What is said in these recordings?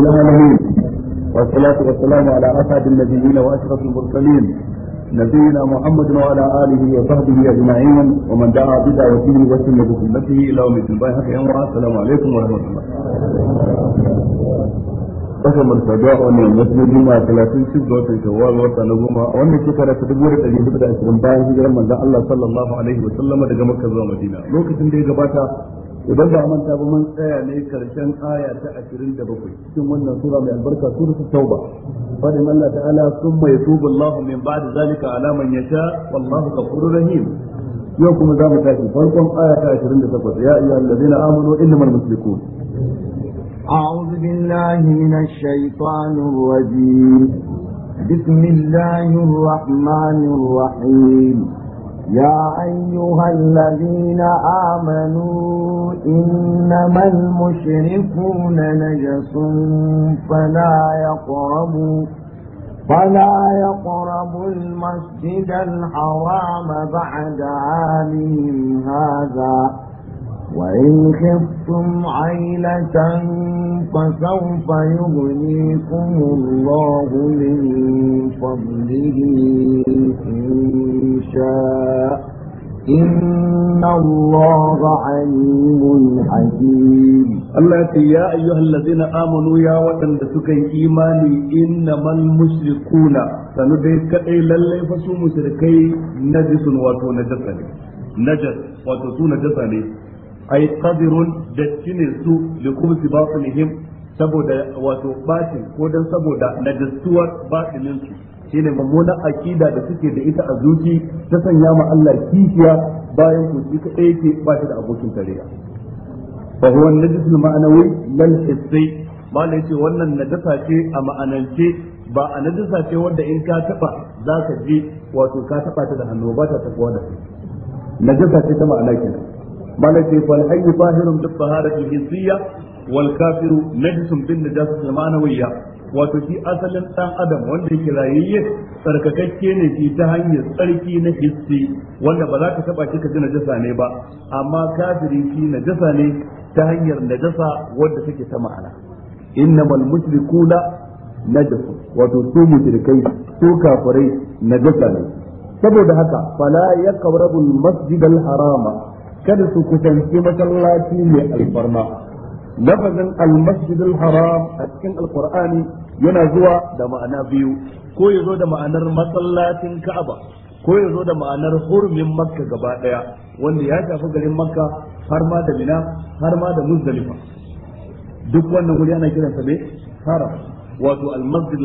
العالمين والصلاة والسلام على أسعد النبيين وأشرف المرسلين نبينا محمد وعلى آله وصحبه أجمعين ومن دعا بدعوته وسن بسنته إلى يوم الدين باي السلام عليكم ورحمة الله kasar martaba wannan masjid juma 36 ga watan shawwal wata na goma wannan shekara ta dubu da ɗari hudu da ashirin bayan hijirar manzon Allah sallallahu alaihi wa sallama daga Makka zuwa Madina lokacin da ya gabata idan ba manta ba mun tsaya ne karshen aya ta 27 cikin wannan sura mai albarka sura ta tauba fadin Allah ta'ala summa yatubu Allahu min ba'di zalika ala man yasha wallahu ghafurur rahim yau kuma za mu tashi farkon aya ta 28 ya ayyuhal ladina amanu innamal mushrikun أعوذ بالله من الشيطان الرجيم بسم الله الرحمن الرحيم يا أيها الذين آمنوا إنما المشركون نجس فلا يقربوا فلا يقربوا المسجد الحرام بعد عامهم هذا وإن خفتم عيلة فسوف يغنيكم الله من فضله إن شاء إن الله عليم حكيم الله يا أيها الذين آمنوا يا وطن سكي إيماني إنما المشركون سنديك أي للي فسو مشركي نجس واتو نجسني نجس واتو نجسني ay qadirun dattinin ne su li kubsi batilihim saboda wato batin ko dan saboda najistuwar batinin su shine mamuna akida da suke da ita a zuci ta sanya ma Allah kishiya bayan ku ji kadai yake ba shi da abokin tarayya fa huwa najis ma'anawi lal hissi ne ce wannan najasa ce a ma'anance ba a najasa ce wanda in ka taba za ka ji wato ka taba ta da hannu ba ta tabuwa da kai najasa ce ta ma'ana kenan بل فالحي ظاهر بالطهارة الحسية والكافر نجس بالنجاسة المعنوية wato shi asalin dan adam wanda yake rayayye tsarkakakke ne shi ta hanyar tsarki na hissi wanda ba za ka taba shi ka ji najasa ne ba amma kafiri shi najasa ne ta hanyar najasa wadda take ta ma'ana innamal mushrikuna najasu wato su mushrikai su kafirai najasa ne saboda haka fala yaqrabu al-masjid al-harama kada su kusanci masallaci mai alfarma lafazin almasjid haram a cikin alkur'ani yana zuwa da ma'ana biyu ko ya zo da ma'anar masallacin ka'aba ko ya zo da ma'anar hurumin makka gaba daya wanda ya shafi garin makka har ma da mina har ma da muzdalifa duk wannan guri ana kiransa ne haram wato al-masjid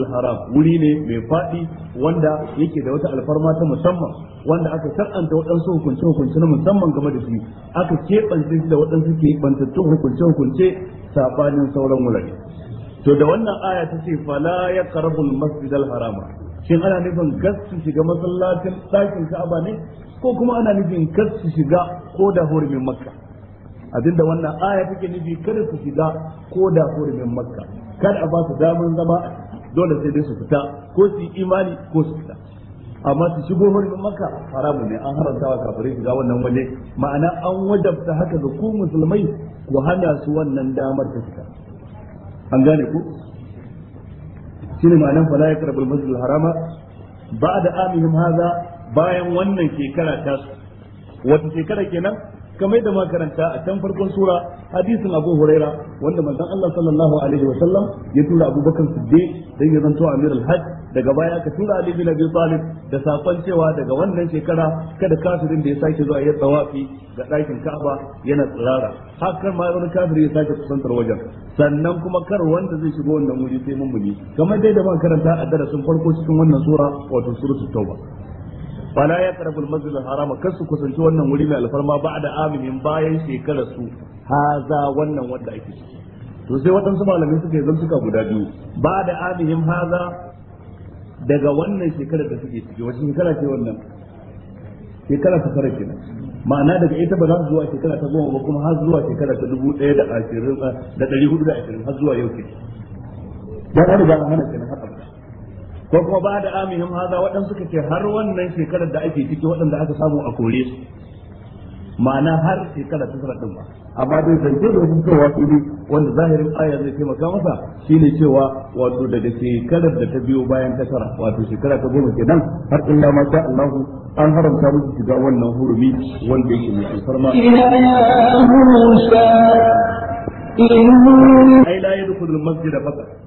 wuri ne mai faɗi wanda yake da wata alfarma ta musamman wanda aka shar'anta waɗansu hukunce hukunce na musamman game da shi aka keɓance da waɗansu ke bantattun hukunce hukunce sabanin sauran wurare to da wannan aya ta ce fala ya karabul masjid al shin ana nufin gasu shiga masallacin ɗakin Ka'aba ne ko kuma ana nufin gasu shiga ko da hurumin Makka abinda wannan aya take nufi kada su shiga ko da hurumin Makka kar a ba su damar zama dole sai dai su fita ko su yi imani ko su fita amma su shigo hurumin maka haramu ne an haramta wa kafirai shiga wannan wani ma'ana an wajabta haka ga ku musulmai ku hana su wannan damar ta fita an gane ku shine ma'anan fala yaqrabul masjidul harama da amihim haza bayan wannan shekara ta wata shekara kenan kamar da makaranta a can farkon sura hadisin Abu Huraira wanda manzon Allah sallallahu alaihi wa sallam ya tura Abu Bakar Siddiq dan ya zanto Amir al-Hajj daga baya ka tura Ali bin Abi Talib da safan cewa daga wannan shekara kada kafirin da ya sake zuwa ya tsawafi ga ɗakin Ka'aba yana tsirara hakan ma wani kafiri ya sake kusantar wajen sannan kuma kar wanda zai shigo wannan wuri sai mun muni kamar dai da makaranta a darasin farko cikin wannan sura wato suratul Tauba fala ya karabul masjid harama kar su kusanci wannan wuri mai alfarma ba da aminin bayan shekarar su haza wannan wanda ake to sai waɗansu malamai suke yi zantuka guda biyu ba da aminin haza daga wannan shekarar da suke ciki wacce shekara ce wannan shekara ta fara kenan ma'ana daga ita ba za su zuwa shekara ta goma ba kuma har zuwa shekara ta dubu ɗaya da ashirin da ɗari hudu da ashirin har zuwa yau ke. Ya ɗari ba hana kenan haka ko kuma ba da amihim haza waɗanda suka ce har wannan shekarar da ake ciki waɗanda aka samu a kore su ma'ana har shekara ta tara din ba amma dai zance da wajen cewa ne wanda zahirin aya zai taimaka masa shine cewa wato daga shekarar da ta biyo bayan ta tara wato shekara ta goma kenan har in ma sha Allah an haramta musu shiga wannan hurumi wanda yake mai alfarma ai la yadkhulul masjid faqat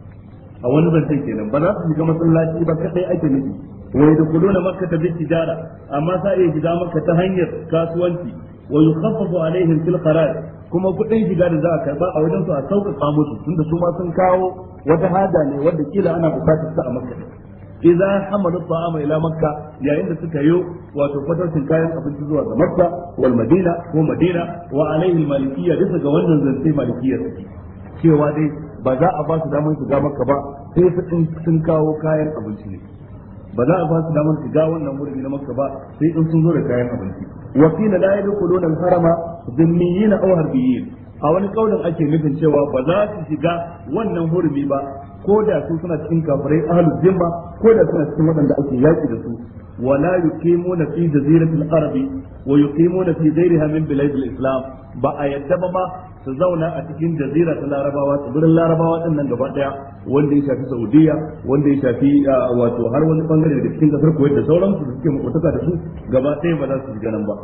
a wani zancen kenan ba za su shiga masallaci ba kadai ake nufi wa yadkhuluna ta bi tijara amma sa iya shiga makka ta hanyar kasuwanci wa yukhaffafu alaihim fil kharaj kuma kuɗin shiga da za a karba a wajen su a sauƙaƙa musu tunda su ma sun kawo wata hada ne wadda kila ana buƙatar su a makka idza hamalu ta'ama ila makka yayin da suka yo wato fatarcin kayan abinci zuwa ga makka wal madina ko madina wa alaihi al malikiyya bisa ga wannan zance malikiyya cewa dai ba za a ba su damar shiga maka ba sai su sun kawo kayan abinci ne ba za a ba su damar shiga wannan wurin na maka ba sai in sun zo da kayan abinci wa qila la yadkhuluna al-harama dhimmiyina aw harbiyyin a wani kaulin ake nufin cewa ba za su shiga wannan hurumi ba ko da su suna cikin kafirai ahlul zimma ko da suna cikin waɗanda ake yaƙi da su ولا يقيمون في جزيرة العرب ويقيمون في غيرها من بلاد الإسلام ma. su zauna a cikin jazira ta larabawa tsibirin larabawa din nan gaba daya wanda ya shafi saudiya wanda ya shafi wato har wani bangare da cikin kasar kuwait da sauransu da suke mutaka da su gaba ɗaya ba za su shiga nan ba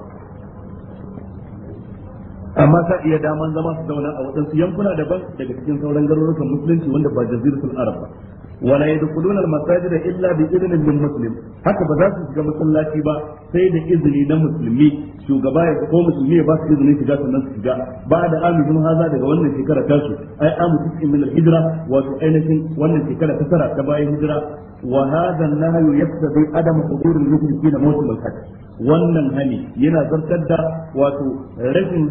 amma ta iya daman zama su zauna a waɗansu yankuna daban daga cikin sauran garurukan musulunci wanda ba jaziratul arab ba wala yadkhuluna al-masajid illa bi idnin min muslim haka ba za su shiga masallaci ba sai da izini na musulmi shugaba ya ko musulmi ya ba su izinin shiga sannan su shiga ba da amihim haza daga wannan shekara ta ai amu tisin min al-hijra wato ainihin wannan shekara ta tara ta bayan hijira wa hadha an-nahyu yaqtadi adam hudur al-mushrikin mawsim wannan hali yana zartar da wato rashin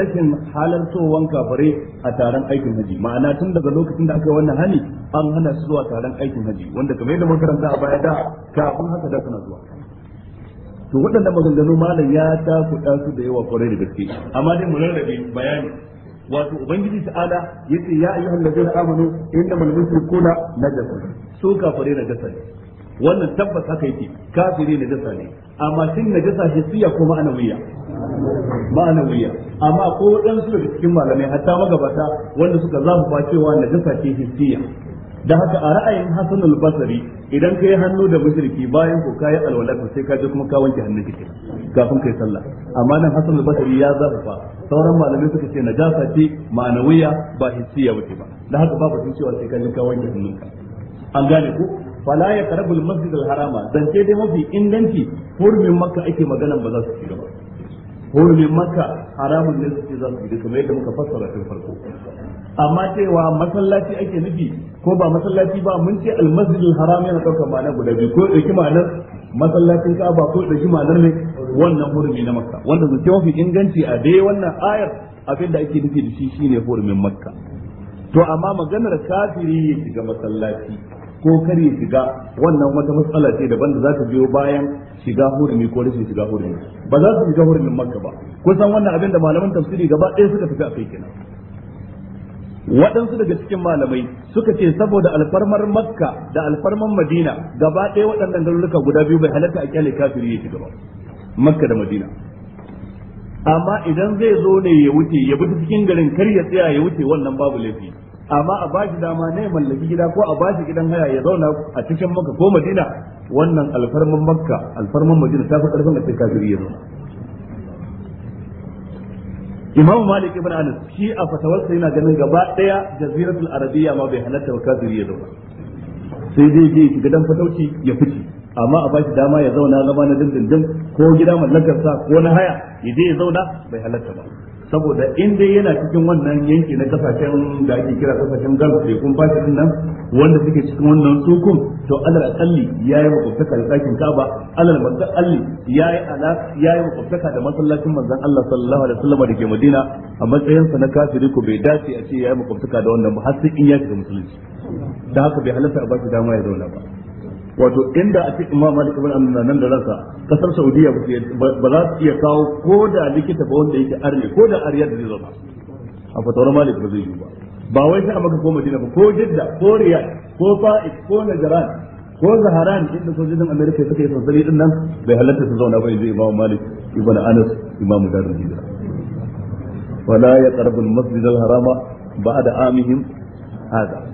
rashin halartowan kafare a taron aikin haji ma'ana tun daga lokacin da aka yi wannan hali an hana su zuwa taron aikin haji wanda kamar yadda karanta a baya da kafin haka da suna zuwa to waɗannan maganganu malam ya ta da su da yawa kwarai da gaske amma dai mu rarrabe bayani wato ubangiji ta'ala yace ya ayyuhal ladina amanu innamal na najasun su kafare na ne wannan tabbas haka yake kafiri najasa ne amma shin shi siya ko ma'anawiya ma'anawiya amma ko waɗansu daga cikin malamai hatta magabata wanda suka ba cewa najasa ce hissiya da haka a ra'ayin al basri idan ka yi hannu da mushriki bayan ko kayi alwalaka sai ka je kuma ka wanke hannun ka kafin kai sallah amma nan al basari ya fa, sauran malamai suka ce najasa ce ma'anawiya ba hissiya bace ba da haka babu sun cewa sai ka je ka wanke hannunka an gane ku fala ya karabul masjid harama zance dai mafi inganci hurumin makka ake maganan ba za su shiga ba hurumin makka haramun ne suke za su shiga kamar yadda muka fassara tun farko amma cewa masallaci ake nufi ko ba masallaci ba mun ce almasjid haram yana daukar ma'ana guda biyu ko dauki ma'anar masallacin kaba ko dauki ma'anar ne wannan hurumi na Makka wanda zai mafi inganci a dai wannan ayar abin da ake nufi da shi shine hurumin Makka to amma maganar kafiri ya shiga masallaci ko kar ya shiga wannan wata matsala ce daban da za ta biyo bayan shiga hurumi ko rashin shiga hurumi ba za su shiga hurumin makka ba kusan wannan abin da malaman tafsiri gaba ɗaya suka tafi a kai kenan waɗansu daga cikin malamai suka ce saboda alfarmar makka da alfarmar madina gaba ɗaya waɗannan garuruka guda biyu bai halatta a kyale kafiri ya shiga ba makka da madina amma idan zai zo ne ya wuce ya bi cikin garin kar ya tsaya ya wuce wannan babu laifi amma a ba shi dama ne mallaki gida ko a ba shi gidan haya ya zauna a cikin makka ko madina wannan alfarman makka alfarman madina ta fi karfin a cikin kafiri ya zauna imamu malik ibn anas shi a fatawar fatawarsa yana ganin gaba daya jaziratul arabiya ma bai halatta wa kafiri ya zauna sai dai je shiga dan fatauci ya fice amma a ba shi dama ya zauna zama na dindindin ko gida mallakarsa ko na haya ya je ya zauna bai halatta ba saboda in dai yana cikin wannan yanki na kasashen da ake kira kasashen gulf da kuma fashin nan wanda suke cikin wannan sukun to alal akalli yayi makwabtaka da dakin kaba alal akalli yayi ala yayi makwabtaka da masallacin manzon Allah sallallahu alaihi wasallam da ke Madina a matsayin sa na kafiri ko bai dace a ce yayi makwabtaka da wannan ba har sai in ya shiga musulunci da haka bai halatta a ba shi dama ya zauna ba wato inda a cikin Imam Malik ibn Anas nan da ransa kasar Saudiya ba za su iya kawo ko da likita ba wanda yake arne ko da ariyar da zai a fatawar Malik ba zai yi ba ba wai sai a maka ko Madina ba ko Jidda ko Riyadh ko Fa'id ko Najran ko Zaharan inda sojojin Amerika suka yi sansani din nan bai halatta su zauna ba yanzu Imam Malik ibn Anas Imam Darul Hijra wala yaqrabu al-masjid al-harama ba'da amihim hada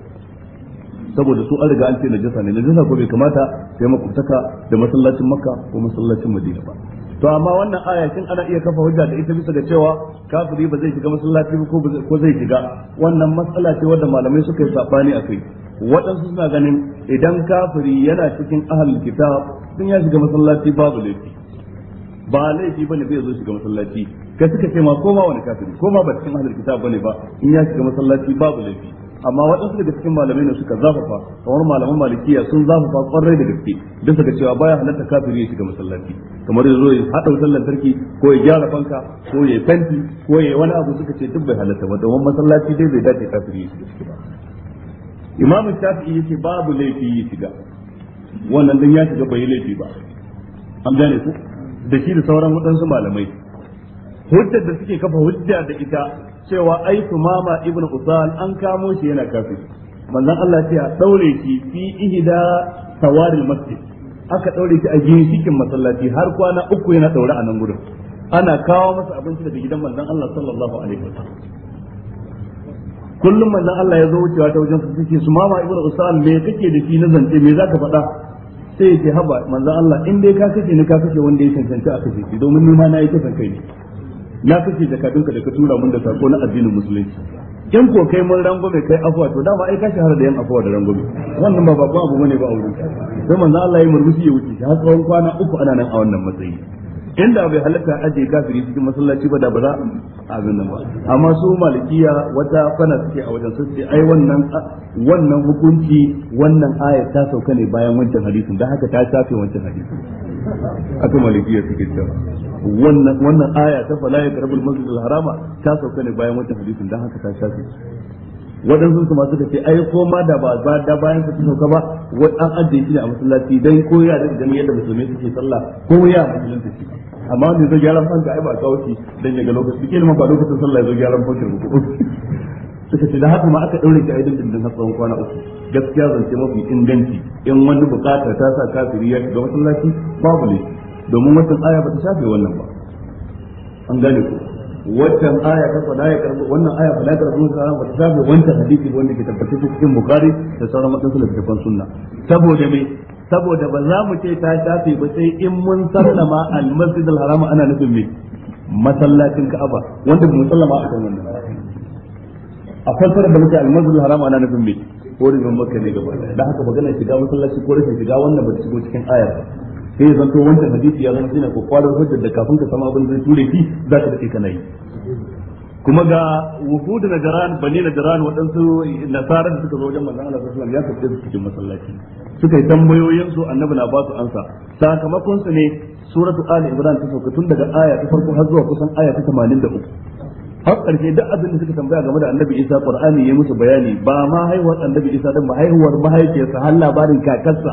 saboda su an riga an ce najasa ne najasa ko bai kamata sai makwabtaka da masallacin makka ko masallacin madina ba to amma wannan aya kin ana iya kafa hujja da ita bisa ga cewa kafiri ba zai shiga masallaci ko ko zai shiga wannan matsala ce wanda malamai suka yi sabani akai waɗansu suna ganin idan kafiri yana cikin ahlul kitab sun ya shiga masallaci babu laifi ba laifi bane zai zo shiga masallaci kai suka ce ma koma wani kafiri koma ba cikin ahlul kitab bane ba in ya shiga masallaci babu laifi amma waɗansu daga cikin malamai ne suka zafafa kamar malaman malikiya sun zafafa kwarai da gaske duk daga cewa baya halatta kafiri ya shiga masallaci kamar ya zo ya haɗa wutar lantarki ko ya gyara fanka ko ya fenti ko ya wani abu suka ce duk bai halatta ba domin masallaci dai bai dace kafiri ya shiga ciki ba imamu shafi'i yace babu laifi ya shiga wannan dan ya shiga bai laifi ba an gane ku da shi da sauran waɗansu malamai hujjar da suke kafa hujja da ita cewa ai tumama ibnu usal an kamo shi yana kafir manzon Allah ce a daure shi fi ihda sawaril masjid aka daure shi a cikin masallaci har kwana uku yana daure a nan gurin ana kawo masa abinci daga gidan manzon Allah sallallahu alaihi wasallam kullum manzon Allah ya zo wucewa ta wajen su su mama ibnu usal me kake da shi na zance me zaka faɗa sai ya ce haba manzon Allah in dai ka kace ni ka kace wanda ya cancanta a kace domin ni ma na yi kasan kai ne na kace zakatun da ka tura mun da sako na addinin musulunci in ko kai mun rangume kai afwa to dama ai ka shahara da yan afwa da rangume wannan ba babban abu bane ba a wurin sai manzo Allah ya murmushi ya wuce har tsawon kwana uku ana nan a wannan matsayi inda bai halaka aje kafiri cikin masallaci ba da ba za abin nan ba amma su malikiya wata fana suke a wajen su ce ai wannan wannan hukunci wannan ayat ta sauka ne bayan wancan hadisin dan haka ta shafe wancan hadisin aka malikiya suke cewa wannan wannan aya ta fa ya karbul masjid al-harama ta sauka ne bayan wannan hadisin dan haka ta shafe waɗansu su masu da ce ai ko ma da ba ba da bayan su sauka ba wani an ajiye shi ne a masallaci dan ko ya da ganin yadda musulmi suke sallah ko ya musulmi shi amma ne zai gyaran fanka ai ba kawo dan ya ga lokaci ke ma ba lokacin sallah zai zo gyaran fanka ko suka ce da haka ma aka daure shi a idan dindin har tsawon kwana uku gaskiya zance mafi inganci in wani bukata ta sa kafiri ya shiga masallaci babu ne. domin wannan aya ba ta shafe wannan ba an gane ku wannan aya ta fada ya karbo wannan aya fada wannan sa ba ta shafe wancan hadisi wanda ke tabbatar su cikin bukhari da sauran madansu da fitafan sunna saboda me saboda ba za mu ce ta shafe ba sai in mun sallama al-masjid al-haram ana nufin me masallacin ka'aba wanda mu sallama a kan wannan a fasara da muke al-masjid al-haram ana nufin me ko rubin makka ne gaba da haka ba magana shiga masallaci ko rashin shiga wannan ba ta shigo cikin ayar ba sai ya zanto wancan hadisi ya zama shine ko kwalar hujjar da kafin ka sama abin zai tura ki za ka dake kana yi kuma ga wufudu na jaran bani na jaran waɗansu nasara da suka zo wajen manzon Allah sallallahu alaihi wasallam ya tafi cikin masallaci suka yi tambayoyin su annabi na ba su ansa sakamakon su ne suratu ali imran ta sauka tun daga aya ta farko har zuwa kusan aya ta 83 har karshe duk abin da suka tambaya game da annabi isa qur'ani ya musu bayani ba ma haihuwar annabi isa din ba haihuwar mahaifiyarsa har labarin kakarsa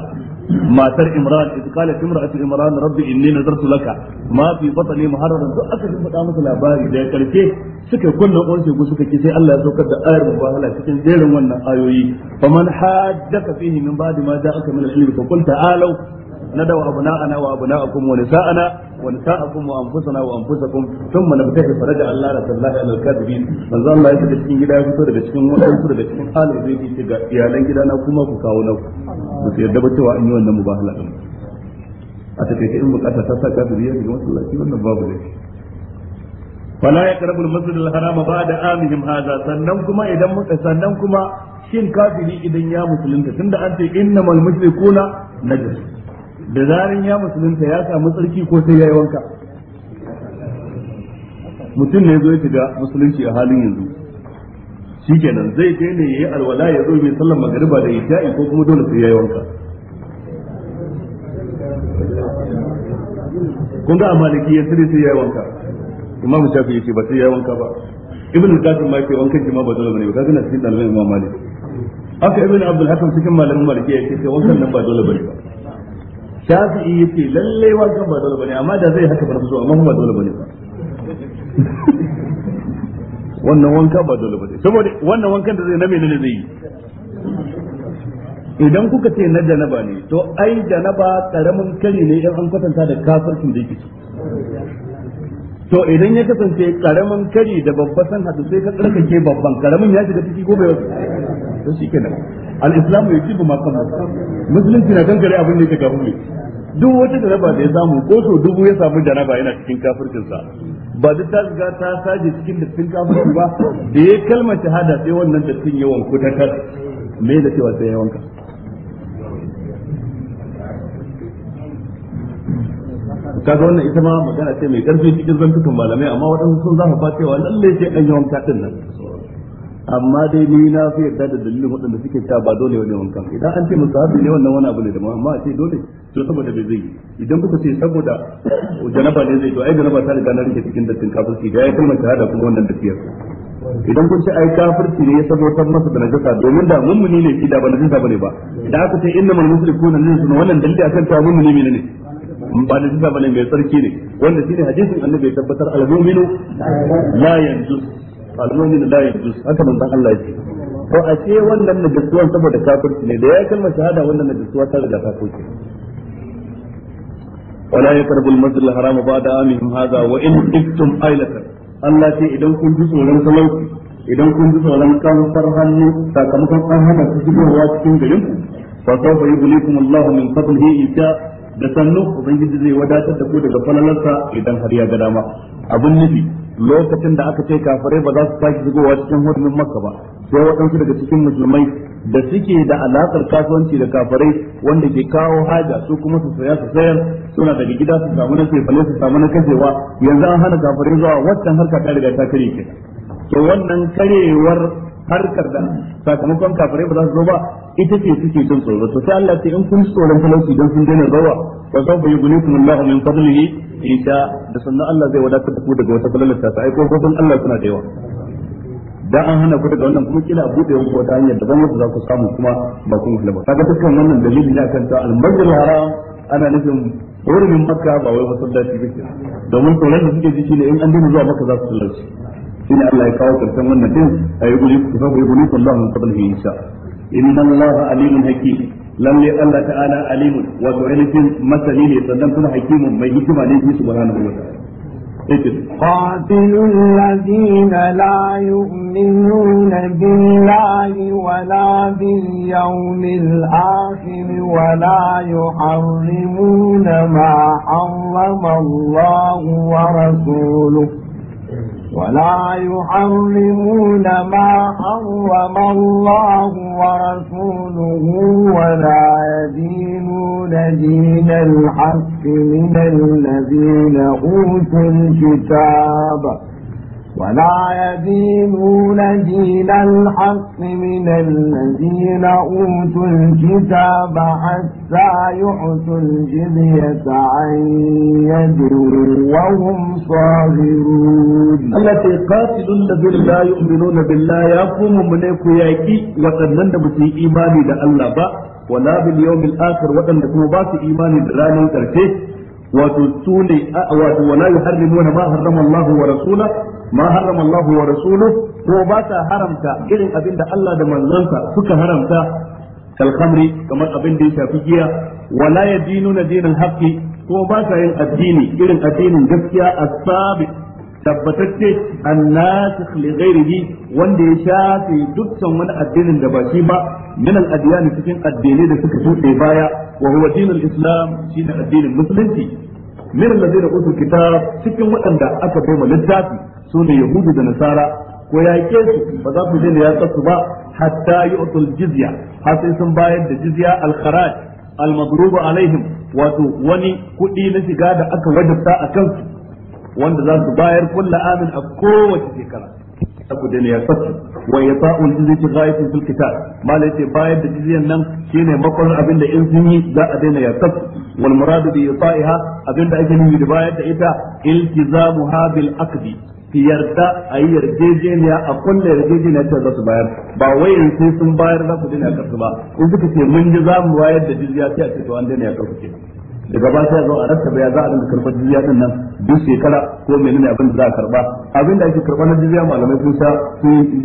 matar imran idh kala imra'atu imran rabbi inni nazartu laka ma fi batni muharraran duk aka jin faɗa musu labari da karshe suka kunna ƙorshe go suka ki sai Allah ya saukar da ayar mubahala cikin jerin wannan ayoyi faman haddaka fihi min ba'di ma ja'aka min al-ilmi fa qul ta'alu ندعو أبناءنا وأبناءكم ونساءنا ونساءكم وأنفسنا وأنفسكم ثم نبتهل فرجع الله رسول الله على الكاذبين من ظن الله يسجد cikin gida ya fito daga cikin wadansu daga cikin halin zai ce ga iyalan gida na kuma ku kawo na ku ba su yarda ba cewa an yi wannan mubahala din a in bukata ta saka zuriya daga masallaci wannan babu laifi fala ya karbu masjid al-haram sannan kuma idan sannan kuma kafiri idan ya musulunta tunda an ce innamal da zarin ya musulunta ya samu tsarki ko sai ya yi wanka mutum ne zo ya shiga musulunci a halin yanzu Shi kenan zai kai ne yi alwala ya zo mai sallan magariba da ya isha'i ko kuma dole sai ya yi wanka kun ga maliki ya sai sai ya yi wanka imamu shafi yake ba sai ya yi wanka ba al qasim ma yake wankan shi ma ba dole bane ba kaga na cikin dalilan imam malik haka Ibn abdul hakim cikin malamin maliki yake sai wankan nan ba dole bane ba shafi'i yace lalle wankan ba dole bane amma da zai haka ba so amma ba dole bane ba wannan wanka ba dole bane saboda wannan wankan da zai na menene zai yi idan kuka ce na janaba ne to ai janaba karamin kari ne in an kwatanta da kafircin da yake to idan ya kasance karamin kari da babban san hadu sai ka tsarkake babban karamin ya shiga ciki ko bai to kenan al-islam ya kifa ma kan musulunci na kankare abin da yake kafin mai duk wata raba da ya samu ko so dubu ya samu jaraba yana cikin kafircinsa ba duk ta shiga ta saje cikin cikin kafirci ba da ya kalmar shahada sai wannan cikin yawan kutakar me da cewa sai yawanka kaga wannan ita ma magana ce mai karfi cikin zantukan malamai amma waɗansu sun zafa cewa lalle sai an yawan katin nan amma dai ni na fi yarda da dalilin waɗanda suke cewa ba dole ne wankan idan an ce musahabi ne wannan wani abu ne da amma a ce dole to saboda bai zai idan kuka ce saboda janaba ne zai to ai janaba ta riga na rike cikin dattin kafirci da ya kalmar shahada kuma wannan tafiyar idan kun ce ai kafirci ne ya sabotar masa da najasa domin da mun mummuni ne shi da ba najasa bane ba idan aka ce innamal muslimuna ne sun wannan dalili akan cewa mummuni ne ne ba da jisa bane mai tsarki ne wanda shine hadisin annabi ya tabbatar al-mu'minu la yanjus al da la yajuz haka manzon Allah yake to a ce wannan najisuwan saboda kafirci ne da ya kalmar shahada wannan najisuwa ta riga ta koke ولا يقربوا المسجد الحرام بعد عامهم هذا وان خفتم عيلة Allah ce idan kun ji tsoron talauci idan kun ji tsoron kamfar hannu sakamakon an hana su shigowa cikin garin fa sawfa yughlikum Allah min fadlihi isha da sannu ubangiji zai wadatar da ku daga falalarsa idan har ya ga dama abun nufi lokacin da aka ce kafirai ba za su sake shigowa cikin hurumin maka ba sai waɗansu daga cikin musulmai da suke da alaƙar kasuwanci da kafirai wanda ke kawo haja su kuma su saya su sayar suna daga gida su samu na sefale su samu na kashewa yanzu an hana kafirai zuwa waccan harka ta riga ta kare ke to wannan karewar harkar da sakamakon kafirai ba za su zo ba ita ce suke jin tsoro to sai Allah sai in kun tsoron talauci don sun daina zawa wa zan bayyana gunikum Allah min fadlihi insha da sannan Allah zai wadatar da ku daga wata falalar ta sai ko kun Allah suna da yawa dan an hana ku daga wannan kuma kila a bude muku wata hanyar daban yadda za ku samu kuma ba kun hula ba kaga dukkan wannan dalili ne akan ta al haram ana nufin wurin makka ba wai masallaci ba domin tsoron da suke ji ne in an daina zuwa makka za su tsallaci shine Allah ya kawo karshen wannan din ayi guri ku fa guri guri sallallahu alaihi wa sallam inna Allah alimun hakim lalle Allah ta'ala alimun wa tu'alikin masani ne sannan kuma hakimun mai hikima ne shi subhanahu wa ta'ala قاتلوا الذين لا يؤمنون بالله ولا باليوم الآخر ولا يحرمون ما حرم الله ورسوله ولا يحرمون ما حرم الله ورسوله ولا يدينون دين الحق من الذين أوتوا الكتاب ولا يدينون دين الحق من الذين أوتوا الكتاب حتى يعطوا الجزية عن يد وهم صاغرون التي قاتل الذين لا يؤمنون بالله يقوم منك يأتي وقد نندب في إيماني لألا با ولا باليوم الآخر وقد نندب في إيماني لراني تركيه wato su ne wato wala yuharrimuna ma harrama ma wa rasuluhu ko ba ta haramta irin abin da Allah da manzansa suka haramta kal khamri kamar abin da ya shafi giya wala yadinuna dinal haqqi ko ba ta yin addini irin addinin gaskiya as-sabiq tabbatacce annasikh li wanda ya shafe dukkan wani addinin da ba shi ba min al cikin addinai da suka tuɗe baya wa huwa dinul islam shine addinin musulunci min allazina utul kitab cikin waɗanda aka bai littafi su yahudu da nasara ko yaƙe su ba za ku daina yaƙa su ba hatta yu'tul jizya har sai sun bayar da jizya al kharaj al madrubu alaihim wato wani kuɗi na shiga da aka wajabta a kansu wanda za su bayar kulla amin a kowace shekara aku da ne ya fasu wa ya fa'u jizyati ghaayatun fil kitab mala ce bayar da jizyan nan shine makon abin da in sun yi za a daina ya fasu wal muradu bi yata'iha abin da ake nufi da bayar da ita iltizamuha bil aqdi ki yarda a yi yarjejeniya a kulle yarjejeniya ta za su bayar ba in sai sun bayar za su daina karsu ba in suka ce mun ji za mu bayar da jizya sai a ce to an daina ya karsu daga ba sai zo a rasa baya za a dinga karɓar jizya din nan duk shekara ko menene abin da za a karɓa abin da ake karɓa na jizya malamai sun sa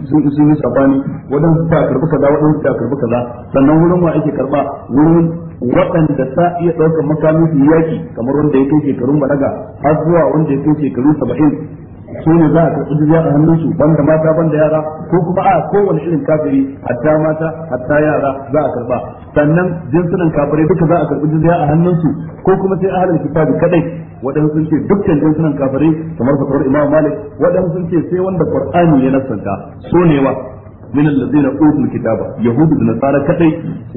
sun yi sabani waɗansu ta karɓi kaza su ta karɓi kaza sannan wurin wa ake karɓa wurin waɗanda sa iya ɗaukar makamin su yaki kamar wanda ya kai shekarun balaga har zuwa wanda ya kai shekaru saba'in su ne za a karɓi jizya a hannunsu banda mata banda yara ko kuma a kowane irin kafiri hatta mata hatta yara za a karɓa sannan jinsunan kafirai duka za a karɓi jizya a hannunsu ko kuma sai ahlul kitabi kadai waɗansu sun ce dukkan jinsunan kafirai kamar fatawar imam malik waɗansu sun ce sai wanda qur'ani ya nasanta so ne wa min allazina utul kitaba yahudu da nasara kadai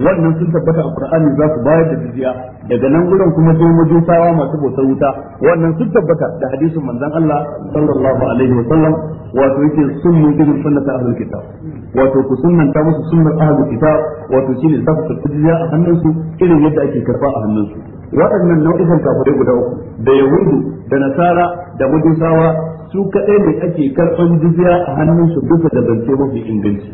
wannan sun tabbata a qur'ani za su bayar da jizya daga nan gurin kuma sai majusawa masu bautar wuta wannan sun tabbata da hadisin manzon Allah sallallahu alaihi wa sallam wato yake sunnu irin sunnata ahlul kitab wato ku sunnanta musu sunnar ahlul kitab wato shine za su jizya a hannunsu irin yadda ake karba a hannunsu waɗannan nau'ikan kafirai guda uku da yahudu da nasara da majusawa su kaɗai ne ake karɓan jizya a hannunsu bisa da zance mafi inganci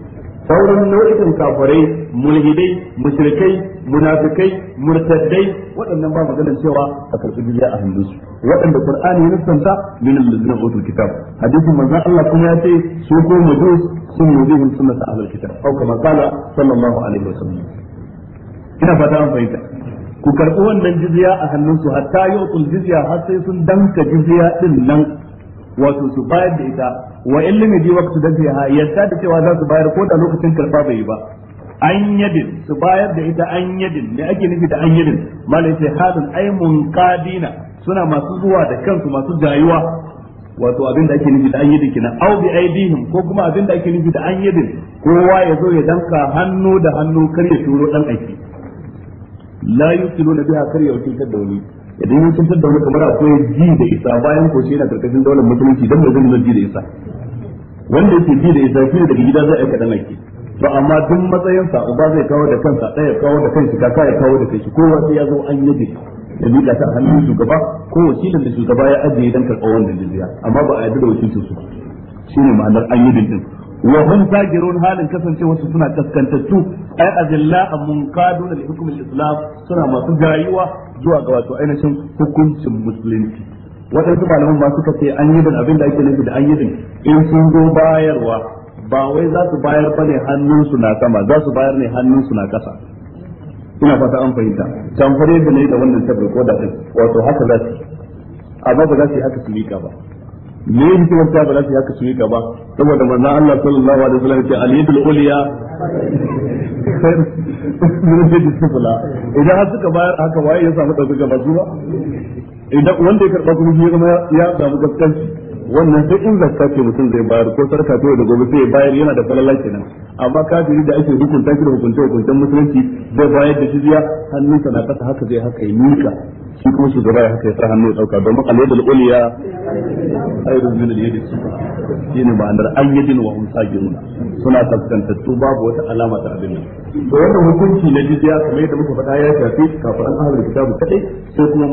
sauran nau'ikan kafirai mulhidai mushrikai munafikai murtaddai waɗannan ba maganar cewa a karɓi jizya a hannunsu waɗanda qur'ani ya nufanta min allazina utul kitab hadisin manzon Allah kuma ya ce su ko majus sun yuzihim sunnata ahlul kitab au kama qala sallallahu alaihi wasallam ina fata an fahimta ku karɓi wannan jizya a hannunsu hatta yau jizya har sai sun danka jizya din nan wato su bayar da ita wa illam yaji waqtu dafiha yadda da cewa za su bayar ko da lokacin karba bai yi ba an yadin su bayar da ita an yadin da ake nufi da an yadin malai sai hadin ai munqadina suna masu zuwa da kansu masu jayuwa wato abin da ake nufi da an yadin kenan au bi aidihim ko kuma abin da ake nufi da an yadin kowa ya zo ya danka hannu da hannu kar ya turo dan aiki la yusiluna biha kar ya wakiltar da wani idan ya cutar da wani kamar akwai ji da isa bayan ko shi yana karkashin daular musulunci dan mai zan ji da isa wanda yake ji da isa shi ne daga gida za a yi kaɗan aiki to amma duk matsayinsa uba zai kawo da kansa ɗaya kawo da kansa kaka ya kawo da kansa kowa sai ya zo an yi da miƙa ta hannun shugaba ko wakilin da shugaba ya ajiye dan karɓar wannan jizya amma ba a yarda da wakilcin su ne ma'anar an yi din wa hum fajirun halin kasance wasu suna kaskantattu ay azilla munqadun li hukm al-islam suna masu jayuwa zuwa ga wato ainihin hukuncin musulunci wadansu malaman ba suka ce an yi din abin da ake nufi da an yi din in sun zo bayarwa ba wai za su bayar ba ne su na sama za su bayar ne hannun su na kasa ina fata an fahimta tamfare da ne da wannan tabbako da wato haka za su amma ba za su yi haka su mika ba me yake cewa ta ba za su haka su yi ba saboda manzo Allah sallallahu alaihi wasallam ya ce al-yadul ulya mun ce disfula idan har suka bayar haka waye ya samu dauka gaba zuwa idan wanda ya karba kuma shi kuma ya samu gaskanci wannan sai in zakka ce mutum zai bayar ko sarka ta da gobe sai ya bayar yana da falala kenan amma kafiri da ake hukunta shi da hukunta hukuntan musulunci zai bayar da jizya hannunsa na kasa haka zai haka ya mika shi kuma shugaba ya haka ya sa hannu ya dauka don alai da uliya ayrun min al-yadi shine ma'anar ayyadin wa hum sajiruna suna kaskantattu babu wata alama ta abin nan to wannan hukunci na jizya kamar yadda muka faɗa ya shafi kafiran ahlul kitabu kadai sai kuma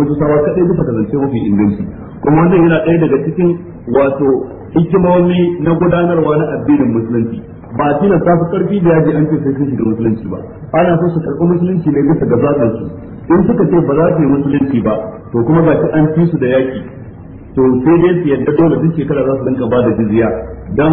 mujusawa kadai bisa ga zance mafi inganci kuma wannan yana ɗaya daga cikin wato hikimomi na gudanarwa na addinin musulunci ba a tina ta fi karfi da yaji an ce sai sun musulunci ba ana so su karɓi musulunci ne bisa ga zaɓin in suka ce ba za su yi musulunci ba to kuma ga an fi su da yaki to sai dai su yadda dole duk shekara za su dinka ba da jizya dan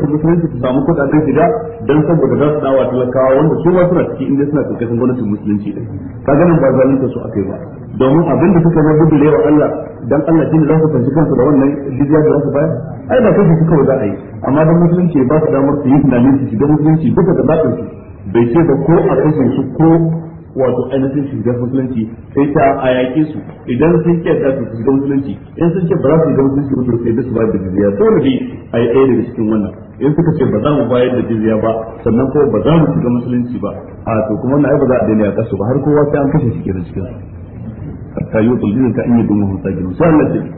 su musulunci su samu kudaden shiga dan saboda za su dawo talakawa wanda su ma suna cikin inda suna karkashin gwamnatin musulunci din ka nan ba zalunta su akai ba domin abin da suka zama bidire wa Allah dan Allah shine za su fanci kansu da wannan jizya da za su bayar ai ba kai kawai za a yi amma dan musulunci ba su damar su yi tunanin su shiga musulunci duka da bakin su bai ce da ko a kashe su ko wato ainihin shiga musulunci sai ta a yaƙe su idan sun ke da su shiga musulunci in sun ce ba za su shiga musulunci ba sai da su ba da jizya dole ne a yi ɗaya daga cikin wannan in suka ce ba za mu bayar da jizya ba sannan ko ba za mu shiga musulunci ba a to kuma wannan ai ba za a daina yaƙa su ba har kowa sai an kashe shi da cikin su hatta yi wa kullum ta in yi dumin hutsa gina sai Allah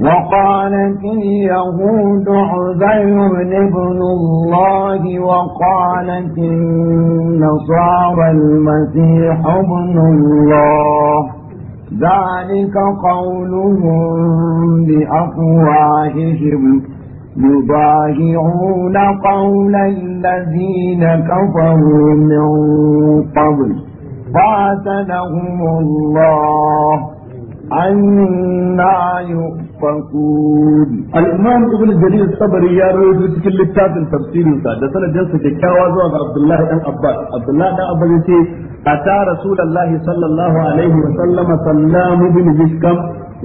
وقالت اليهود عزير ابن الله وقالت النصارى المسيح ابن الله ذلك قولهم بأفواههم يضاهعون قول الذين كفروا من قبل فاتنهم الله أنا يؤمنون يتفقون الإمام ابن جرير الصبري يا روي في كل كتاب تفسير ده سنة جلسة كاوا زوا عبد الله بن عباس عبد الله بن عباس أتى رسول الله صلى الله عليه وسلم سلام بن بشكم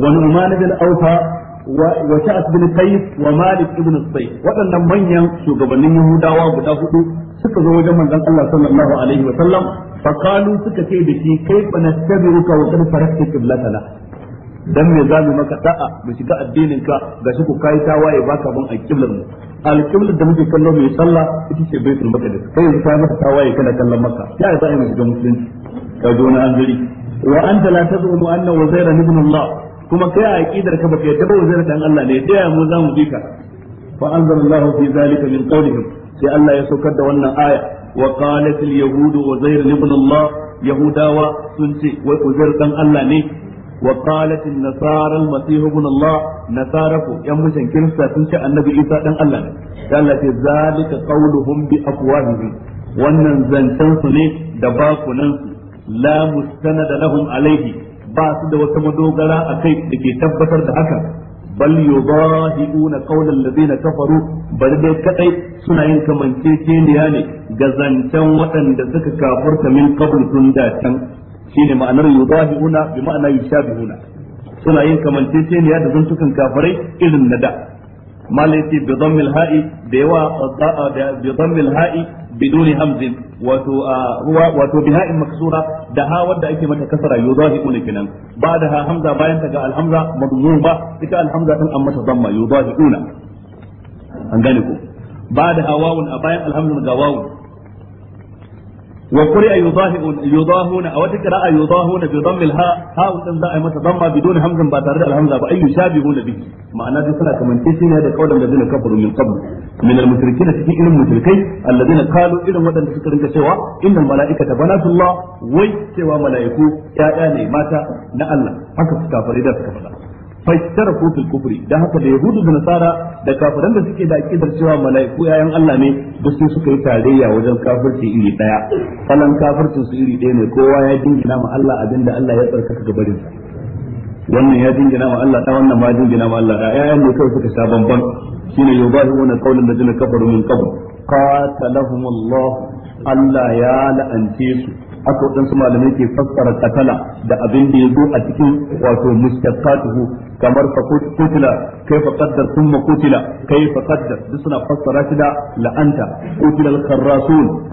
ونعمان بن أوفى وشعث بن قيس ومالك بن الصيف وأن من ينسو قبل يهودا وابدا suka zo wajen manzon Allah sallallahu alaihi wa sallam fa qalu suka ce da shi kai fa nastabiruka wa kad farakta qiblatana dan me zamu maka da'a mu shiga addinin ka gashi ku kai ta waye baka bin alqiblar mu alqiblar da muke kallo mai sallah ita ce baitul maqdis kai yanzu kai ta waye kana kallon maka ya za a mu shiga musulunci ka zo na anzari wa anta la tazumu anna wazaira ibn Allah kuma kai a aqidar ka baka yadda ba wazaira dan Allah ne da mu zamu bi ka fa anzalallahu fi zalika min qawlihim sai Allah ya saukar da wannan aya wa qalat al yahud wazaira ibn Allah yahudawa sun ce wai uzair dan Allah ne وقالت النصارى المسيح ابن الله نصاركم يا مشن كرستا تنشا النبي عيسى دان الله قال ذلك قولهم بافواههم wannan zancen su ne da bakunan su la da lahum alaihi ba su da wata madogara a kai da ke tabbatar da haka bal yudahiuna qawlan ladina kafaru bari dai kadai suna yin kamanceceniya ne ga zancen waɗanda suka kafurta min qabl tun da shine ma'anar yudahiruna bi ma'ana yushabihuna suna yin kamanceceniya da zantukan kafirai irin na da malaiti bi dhammil ha'i da yawa bi dhammil ha'i biduni hamzin wato ruwa wato bi ha'in maksura da ha wanda ake mata kasara yudahiruna kenan ba da ha hamza bayan ta ga alhamza madmuba ita alhamza din amma ta dhamma yudahiruna an gane ko ba da ha wawun a bayan alhamza ga wawun وقرئ يضاهون يضاهون او تقرا يضاهون بضم الهاء هاء دم ذا متى ضم بدون همزه با تare da alhamza ba ayyu shabihun bi ma'ana duk suna kamantacce ne da kaulan da zina kafaru min qabl min al cikin irin mushrikai alladina kalo irin waɗanda suka rinka cewa innal malaikata banatullah wai cewa malayiku ya'ya ne mata na Allah haka suka fari da suka fada fashtaraku fil kufri dan haka da yahudu da nasara da kafiran da suke da akidar cewa mala'iku yayan Allah ne duk sai suka yi tarayya wajen kafirci iri daya falan kafircin su iri daya ne kowa ya dingina ma Allah abinda Allah ya tsarka tsarkaka gabarin sa wannan ya dingina ma Allah da wannan ma dingina ma Allah da yayan ne kai suka sha bamban shine yubahuna qaulan da jina kafaru min qabl qatalahum Allah Allah ya la'ance su haka waɗansu malamai ke fassara katala da abin da ya zo a cikin wato mustaqqatuhu kamar fa kutila kaifa qaddar thumma kutila fa qaddar duk suna fassara shi da la'anta kutila al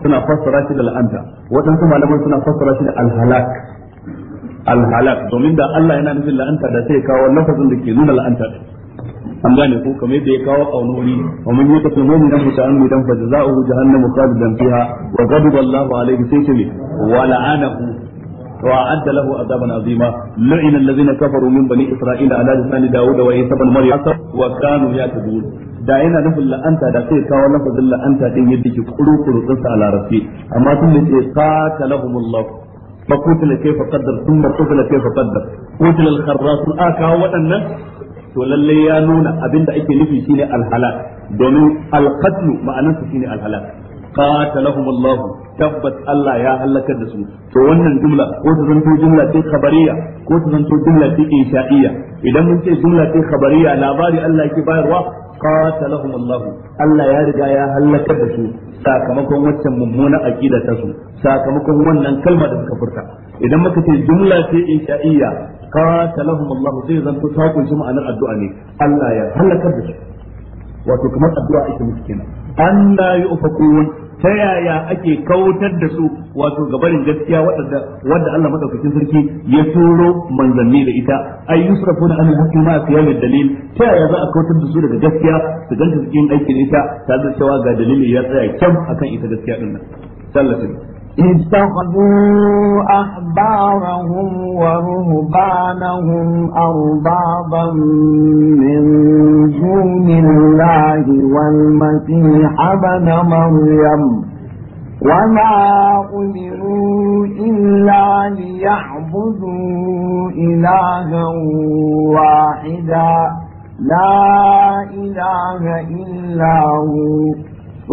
suna fassara shi da la'anta waɗansu malamai suna fassara shi da al-halak al-halak domin da Allah yana nufin la'anta da sai kawo lafazin da ke nuna la'anta an gane ko kamar yadda ya kawo kaunu wuri wa man yaqtul mu'mina muta'ammidan fa jazaohu jahannamu khalidan fiha wa ghadiba Allahu alayhi sai ce wa la'anahu wa adda lahu azaban azima la'ina alladhina kafaru min bani isra'ila ala lisani daud wa isa ibn maryam wa kanu yatubun da yana nufin la'anta da sai kawo lafazin la'anta din yadda ke kuru-kuru tsinsa a larabci amma sun da ke qatalahumullahu فقتل كيف قدر ثم قتل كيف قدر قتل a kawo waɗannan. to lalle ya nuna abinda ake nufi shine alhalak domin alqatlu ma'anarsa shine alhalak qatalahum Allah tabbat Allah ya halakar da su to wannan jumla ko ta zanto jumla ce khabariya ko ta zanto jumla ce insha'iyya idan mun ce jumla ce khabariya labari Allah yake bayarwa qatalahum Allah Allah ya riga ya halakar da su sakamakon waccan mummuna aqida ta su sakamakon wannan kalma da suka furta idan muka ce jumla ce insha'iyya qatalahum Allah sai zan to ta kunshi ma'anar addu'a ne Allah ya halakar da su wato kamar addu'a ake musu kenan an la yufakun ta yaya ake kautar da su wato gabarin gaskiya wadda wadda Allah madaukakin sarki ya turo manzanni da ita ay yusrafuna an al-haqqi ma fi yawm dalil ta yaya za a kautar da su daga gaskiya su ganta cikin aikin ita ta da cewa ga dalili ya tsaya kyam akan ita gaskiya din nan sallallahu اتخذوا أحبارهم ورهبانهم أربابا من دون الله والمسيح بن مريم وما أمروا إلا ليعبدوا إلها واحدا لا إله إلا هو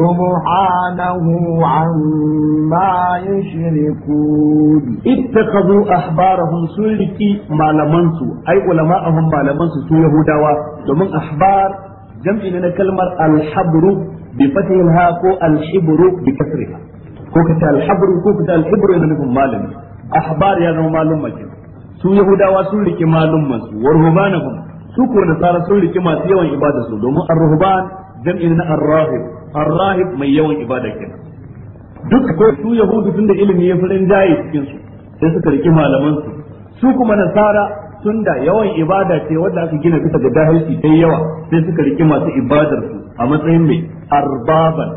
سبحانه عما يشركون اتخذوا أحبارهم سلكي ما لمنسوا أي علماءهم ما لمنسوا سو يهودوا ومن أحبار جمعنا كلمة الحبر بفتح الها الحبر بكسرها ko ka alhabru ko ka alhibru yana nufin malami ahbar ya su yahudawa sun rike malum masu warhubanahum su ko nasara sun masu yawan ibada su domin arruhban jam'i na ar-rahib ar-rahib mai yawan ibada kenan duk ko su yahudu tunda ilimi ya furin jaye cikin su sai suka riki malaman su su kuma nasara tunda yawan ibada ce wadda aka gina bisa ga dahilci dai yawa sai suka riki masu ibadar su a matsayin mai arbaban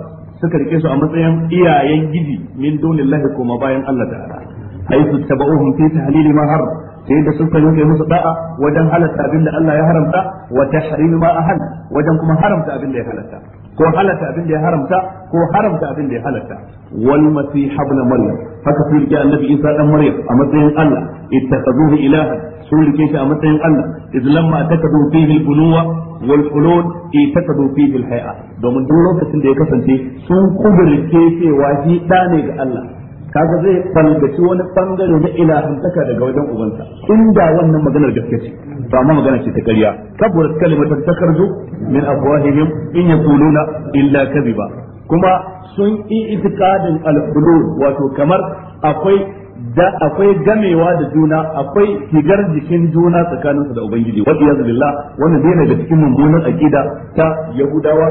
suka rike su a matsayin iyayen gidi min dunillahi kuma bayan Allah ta'ala haythu tabauhum fi tahlil ma har sai da suka yi musu da'a wajen halatta abin da Allah ya haramta wa tahrim ma ahal wajen kuma haramta abin da ya halatta ko halatta abin da ya haramta ko haramta abin da ya halatta wal masih ibn maryam haka sun rike annabi isa dan maryam a matsayin Allah ittakhaduhu ilahan sun rike shi a matsayin Allah idan ma atakadu fihi al wal hulul itakadu fihi al-hay'a domin duk lokacin da ya kasance sun kuburce cewa shi da ne ga Allah kaga zai falgaci wani bangare na ilahantaka daga wajen ubansa inda wannan maganar gaske ce ba ma magana ce ta ƙarya kaburat ta takardu min afwahihim in yaquluna illa kadhiba kuma sun yi itikadin al-hulul wato kamar akwai da akwai gamewa da juna akwai higar jikin juna tsakanin da ubangiji wa iyyazu billah wannan dai daga cikin mummunan aqida ta yahudawa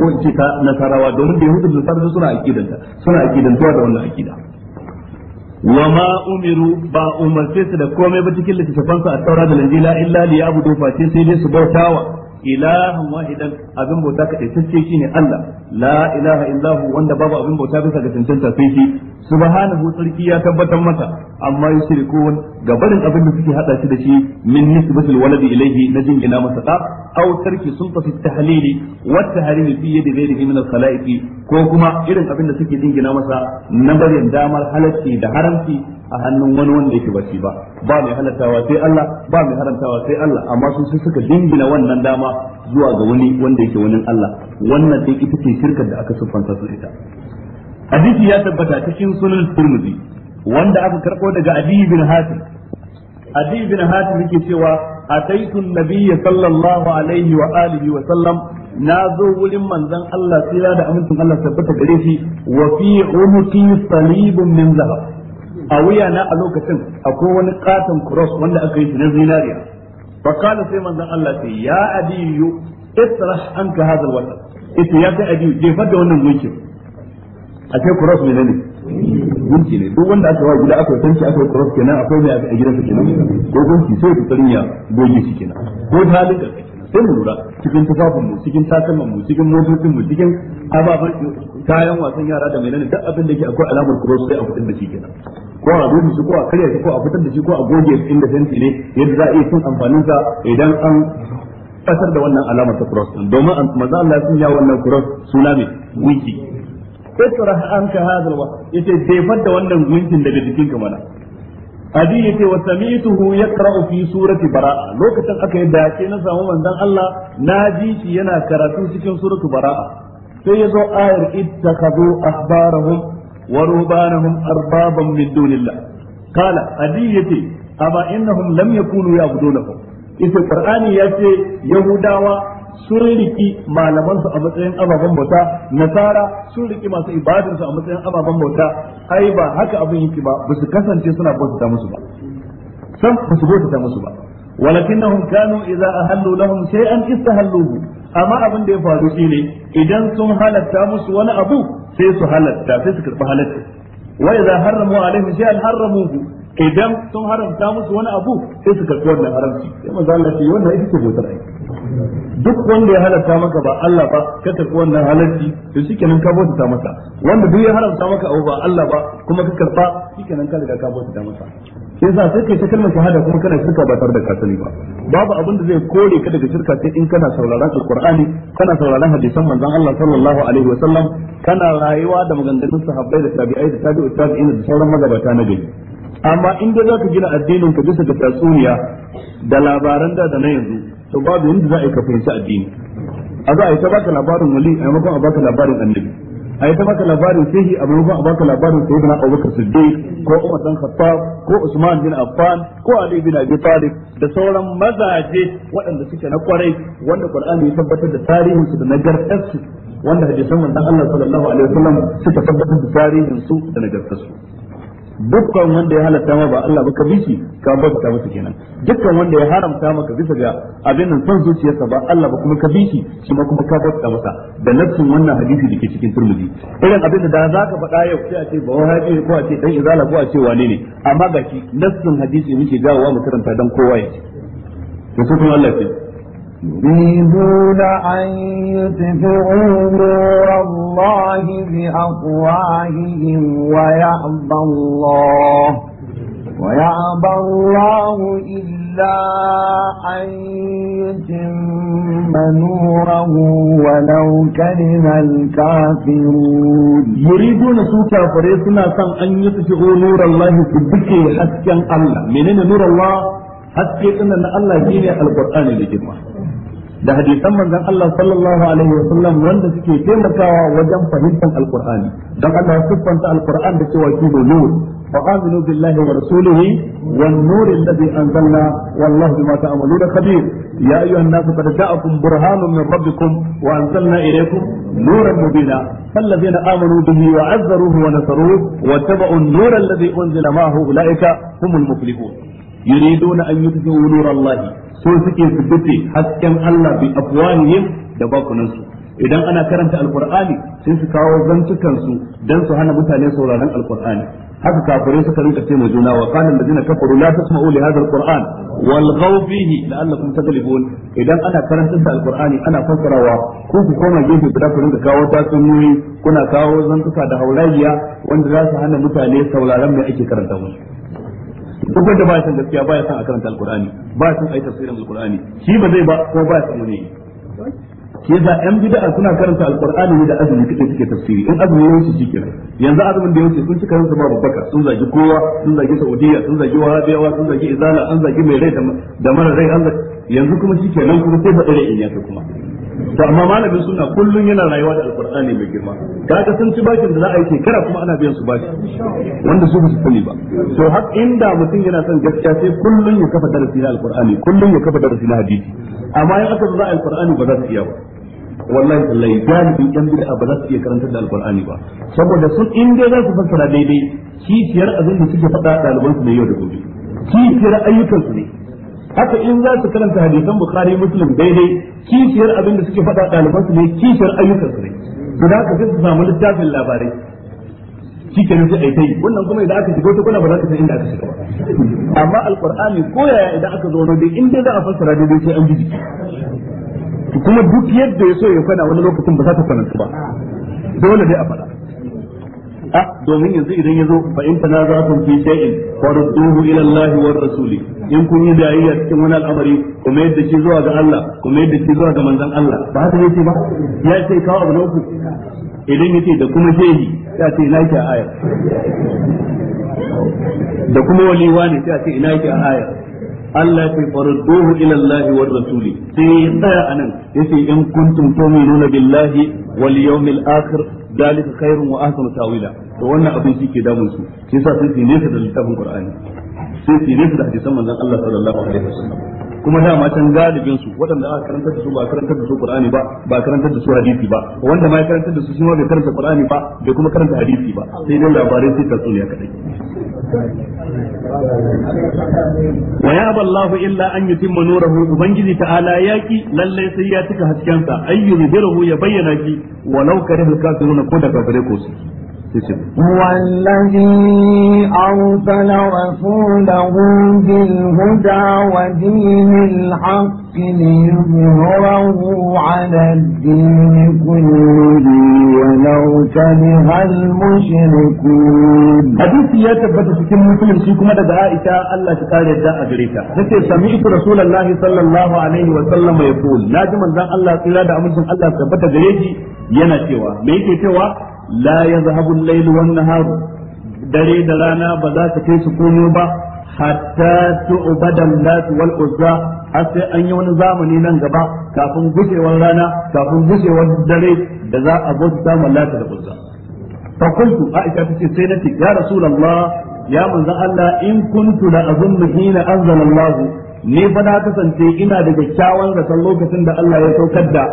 ko ce ta nasarawa domin da yahudu da suna aqidanta suna aqidantuwa da wannan aqida wa ma umiru ba umarce su da komai ba cikin su a taura da linjila illa li yabudu face sai dai su bautawa ilahan wahidan abin bauta kadaitacce ne Allah la ilaha illahu wanda babu abin bauta bisa ga tantanta sai shi subhanahu sarki ya tabbatar masa amma yushrikun ga barin abin da suke hada shi da shi min nisbatil waladi ilayhi na jingina masa da aw sarki sun fi tahlili wa tahrimi fi yadi ghairihi min al ko kuma irin abin da suke jingina masa na barin damar halacci da haramci a hannun wani wanda yake bashi ba ba mai halartawa sai Allah ba mai haramtawa sai Allah amma su suka dingina wannan dama zuwa ga wani wanda yake wani Allah wannan dai ita ce shirkar da aka siffanta su ita hadisi ya tabbata cikin sunan turmuzi wanda aka karɓo daga adi bin hatim adi bin hatim yake cewa ataitu nabiyya sallallahu alaihi wa alihi wa sallam na zo wurin manzon Allah tsira da amincin Allah tabbata gare shi wa fi umti salibun min zahab a wuya na a lokacin akwai wani katon cross wanda aka yi shi na zinariya fa sai manzan Allah ce ya adiyu israh anka hadha alwasl ita ya kai adiyu jefar da wannan gunkin a kai cross ne ne gunki ne duk wanda aka wa gida aka tanki aka yi cross kenan akwai mai a gidansa kenan ko gunki sai ku ya goge kenan ko sai mu lura cikin tufafin mu cikin takalman mu cikin motocin mu cikin ababen kayan wasan yara da menene duk abin da ke akwai alamar cross sai a kudin da shi kenan ko a dubi shi ko a karya shi ko a fitar da shi ko a goge inda fenti ne yadda za a iya cin amfanin sa idan an kasar da wannan alama ta cross domin maza Allah sun ya wannan cross suna mai gunki an anka hadha wa yace defar da wannan gunkin daga jikin ka mana Adi yace wa samituhu yaqra fi surati bara'a lokacin aka yi yace na samu manzon Allah na ji shi yana karatu cikin suratu bara'a sai yazo ayar ittakhadhu ahbarahum ورهبانهم أربابا من دون الله قال lamya أما ya لم يكونوا يعبدونهم إذا القرآن يأتي يهودا sun riki malamansu a matsayin ababen bauta nasara sun riki masu ibadarsu a matsayin ababen bauta ai ba haka abin yake ba ba su kasance suna bautata musu ba sam ba su bautata musu ba walakinnahum kanu idza ahallu lahum shay'an istahalluhu amma abin da ya faru ne. idan sun halatta musu wani abu sai su halatta sai su karɓi halatta wa idza harramu alaihim shay'an harramuhu idan sun haramta musu wani abu sai su karɓi wannan haramci sai manzo Allah ce wannan ita ce bautar aiki duk wanda ya halarta maka ba Allah ba ka tafi wannan halarci to shikenan ka bauta masa wanda duk ya haramta maka abu ba Allah ba kuma ka karba shikenan ka riga ka bauta masa sai sa sai kai ta kalmar shahada kuma kana shirka ba tare da ka ba babu abin da zai kore ka daga shirka sai in kana sauraron alqur'ani kana sauraron hadisan manzon Allah sallallahu alaihi wasallam kana rayuwa da maganganun sahabbai da tabi'ai da tabi'u tabi'in da sauran magabata na gari amma in dai zaka gina addinin ka bisa ga tatsuniya da labaran da da na yanzu to babu yanda za a yi ka fahimci addini a za a yi ta baka labarin wali a maimakon a baka labarin annabi a yi ta baka labarin shehi a maimakon a baka labarin sayyidina abubakar siddiq ko umar dan khattab ko usman bin affan ko ali bin abi talib da sauran mazaje waɗanda suke na kwarai wanda qur'ani ya tabbatar da tarihin su da nagartar su wanda hadisan manzon Allah sallallahu alaihi wasallam suka tabbatar da tarihin su da nagartar su dukkan wanda ya halatta ma ba Allah ba ka bi shi ka bauta masa kenan dukkan wanda ya haramta maka bisa ga abin nan son zuciyarsa ba Allah ba kuma ka bi shi shi ma kuma ka bauta masa da nassin wannan hadisi da ke cikin turmudi irin abin da za ka faɗa yau sai a ce ba wani ko a ce dan izala ko a ce wane ne amma ga shi nassin hadisi muke gawa mu karanta dan kowa ya ce to Allah ya يريدون أن يتفعوا نور الله بأفواههم ويأبى الله ويأبى الله إلا أن يتم نوره ولو كره الكافرون يريدون سوكا فريسنا سن أن يتفعوا نور الله سبكي حسكا الله منين نور الله حسكي إن الله جيني القرآن لجمعه da hadisan manzon Allah sallallahu alaihi wa sallam wanda suke taimakawa wajen fahimtar alqur'ani dan Allah siffanta alqur'an da cewa shi ne nur fa aminu billahi wa rasulihi wan nur alladhi anzalna wallahu bima ta'maluna khabir ya ayyuha an-nasu qad ja'akum burhanun min rabbikum wa anzalna ilaykum nuran فالذين آمنوا به وعزروه ونصروه واتبعوا النور الذي أنزل معه أولئك هم المفلحون yuriduna na yutfi'u nur Allah so suke su fice hasken Allah bi da bakunansu idan ana karanta alqur'ani sai su kawo zantukan su dan su hana mutane sauraron alqur'ani haka kafirai suka rinka ce ma juna wa qala allazina kafaru la tasma'u li hadha alquran wal ghaw la'allakum taghlibun idan ana karantar da alqur'ani ana fassarawa ko ku koma gefe guda ku rinka kawo tatsuniyoyi kuna kawo zantuka da hauragiya wanda za su hana mutane sauraron mai ake karanta musu duk wanda ba ya san gaskiya ba ya san a karanta alkur'ani ba ya a ayi tafsirin alkur'ani shi ba zai ba ko ba ya san wani Ke za yan bid'a suna karanta alkur'ani ne da azumi kike suke tafsiri in azumi ne wuce shikenan yanzu azumin da yake sun cika kansu ba babbaka sun zagi kowa sun zagi saudiya sun zagi wahabiyawa sun zagi izala an zagi mai rai da mara rai Allah yanzu kuma nan kuma sai faɗi rai in ya kuma to amma malamin suna kullun yana rayuwa da alqur'ani mai girma kaga sun ci da za a yi shekara kuma ana biyan su bashi wanda su su sani ba to har inda mutum yana son gaskiya sai kullun ya kafa darasi na alqur'ani kullun ya kafa darasi na hadisi amma in aka zo alqur'ani ba za su iya ba wallahi tallahi galibin yan bid'a ba za su iya karantar da alqur'ani ba saboda sun in dai za su fassara daidai kifiyar abin da suke faɗa ɗaliban su ne yau da gobe kifiyar ayyukan su ne haka in za su karanta hadisan bukhari muslim daidai kishiyar abin da suke faɗa ɗaliban su ne kishiyar ayyukan su ne to da haka sai su samu littafin labarai shikenan sai aitai wannan kuma idan aka shiga wata kuna ba za ka san inda aka shiga ba amma alqur'ani ko yaya idan aka zo dai in dai za a fassara daidai sai an bi kuma duk yadda ya so ya kwana wani lokacin ba za ta kwananta ba dole dai a faɗa a ah, domin yanzu idan ya zo fa in tanaza'tum fi shay'in farudduhu ila Allah wa rasul in kun yi dayayya cikin wani al'amari kuma yadda ke zuwa ga Allah kuma yadda ke zuwa ga manzon Allah ba haka yake ba ya ce kawo abu na uku idan yace da kuma shehi ya ce ina ki a aya da kuma waliwa ne sai a ce ina ki a aya Allah ya farduhu ila Allah war rasuli sai ya tsaya anan yace in kuntum tu'minuna billahi wal yawmil akhir dalika khairun wa ahsanu tawila to wannan abin shi ke damun su shi yasa sai ne da littafin Qur'ani sai ne da hadisan manzon Allah sallallahu alaihi wasallam kuma da matan galibin su waɗanda aka karanta da su ba karanta da su Qur'ani ba ba karanta da su hadisi ba wanda ma ya karantar da su shi ma bai karanta Qur'ani ba bai kuma karanta hadisi ba sai dai labarin sai tatsuniya kadai wa ya ballahu illa an yutimma nurahu ubangiji ta'ala yaki lalle sai ya cika hasken sa ayyu bidirahu ya bayyana ki walau karihul kafiruna ko da kafire ko su هو ولو كره المشركون حديث يا تبت سكين مسلم سيكم دقاء عائشة الله تقال يدعى جريتا نسي سمعت رسول الله صلى الله عليه وسلم يقول لا جمن ذا الله إلا دعا مسلم الله تبت جريتي ينا سوا بيكي سوا لا يذهب الليل والنهار dare da rana ba za ta kai su komo ba hatta tu'bada lat wal uzza har sai an yi wani zamani nan gaba kafin gushewar rana kafin gushewar dare da za a bauta ma lat da uzza fa kuntu aisha tace sai nace ya rasulullah ya manzo Allah in kuntu la azunnu hina anzala Allah ni fa na kasance ina da kyakkyawan zaton lokacin da Allah ya saukar da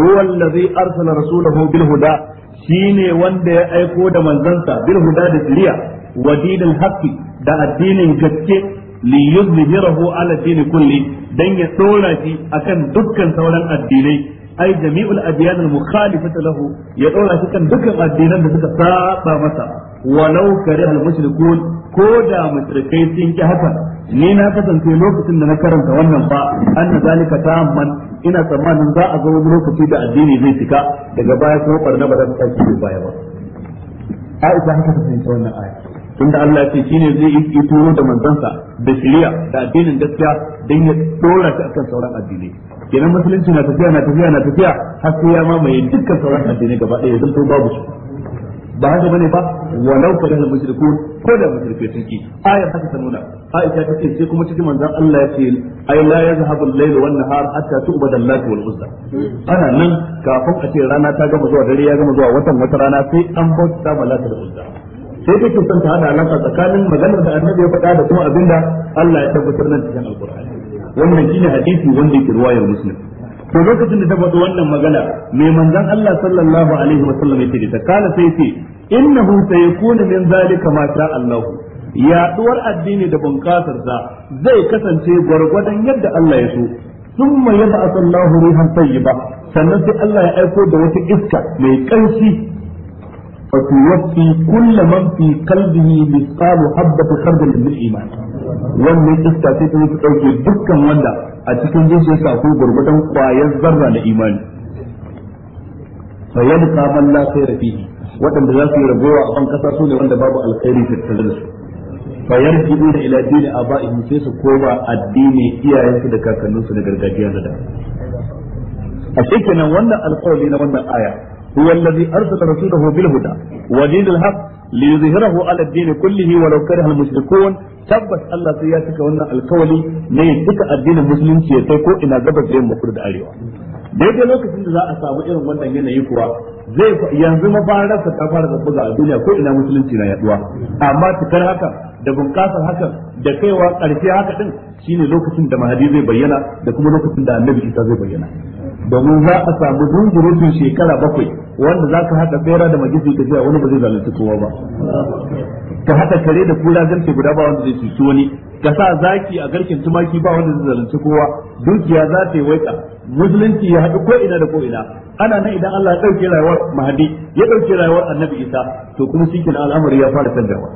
huwa allazi arsala rasulahu bil huda shine wanda ya aiko da manzansa bil huda da shiriya wa dinil haqqi da addinin gaske li yuzhirahu ala dini kulli dan ya dora shi akan dukkan sauran addinai ai jami'ul adyan al mukhalifata lahu ya dora shi kan dukkan addinan da suka saba masa walau karih al mushrikun ko da mushrikai sun ki haka ni na kasance lokacin da na karanta wannan ba anna zalika tamman ina tsammanin za a zo wani lokaci da addini zai cika daga baya kuma barna ba za ta sake baya ba Aisha haka ta fahimta wannan aya tunda Allah ya ce shi ne zai yi turo da manzansa da shari'a da addinin gaskiya dan ya dora shi akan sauran addinai kenan musulunci na tafiya na tafiya na tafiya har sai ya mamaye dukkan sauran addinai gaba ɗaya zan babu su ba haka bane ba walau fara da mushrikun ko da mushrikai sun ki ayat haka ta nuna Aisha ta ce kuma cikin manzon Allah ya ce ai la yazhabu al-layl wa an-nahar hatta tu'bada al-lati wal uzza ana nan kafin a ce rana ta gama zuwa dare ya gama zuwa watan wata rana sai an bauta malaka da uzza sai ta son ta hada alaka tsakanin maganar da annabi ya faɗa da kuma da. Allah ya tabbatar nan cikin al'kur'ani. wannan shine hadisi wanda ke ruwayar muslim to lokacin da ta faɗo wannan magana mai manzon Allah sallallahu alaihi wa sallam yake da kana sai ce innahu sayakunu min zalika ma sha Allah yaduwar addini da bunƙasar sa zai kasance gwargwadon yadda Allah ya so thumma yab'athu Allahu yi tayyiba sannan sai Allah ya aiko da wata iska mai ƙarfi فتوفي كل من في قلبه مثقال حبة خردل من الإيمان wannan iska sai ta ta ɗauke dukkan wanda a cikin zuciyarsa akwai gurgudan kwayar zarra na imani bayan kaman la khaira waɗanda za su yi ragowa a ban kasa su ne wanda babu alkhairi tattare da su bayar jibu da ila dini aba'ihim sai su koma addini iyayensu da kakanninsu da gargajiya da da a shekenan wannan alƙawari na wannan aya هو الذي أرسل رسوله بالهدى ودين الحق ليظهره على الدين كله ولو كره المشركون tabbas Allah sai ya cika wannan alkawali ne duka addinin musulunci ya kai ko ina gabas da yamma kudu da arewa daidai lokacin da za a samu irin wannan yanayi kuwa zai yanzu mafararsa ta fara zabbuga a duniya ko ina musulunci na yaduwa amma tukar haka da bunƙasar haka da kaiwa ƙarshe haka din shine lokacin da mahadi zai bayyana da kuma lokacin da annabi isa zai bayyana domin za a samu dungurutun shekara bakwai wanda za ka haɗa tsera da ka tafiya wani ba zai zalunci kowa ba ka haɗa kare da kura garke guda ba wanda zai cuci wani ka sa zaki a garken tumaki ba wanda zai zalunci kowa dukiya za ta yi waika musulunci ya haɗu ko'ina da ko'ina. ina ana nan idan Allah ya ɗauke rayuwar mahadi ya ɗauke rayuwar annabi isa to kuma shi al'amari ya fara canjawa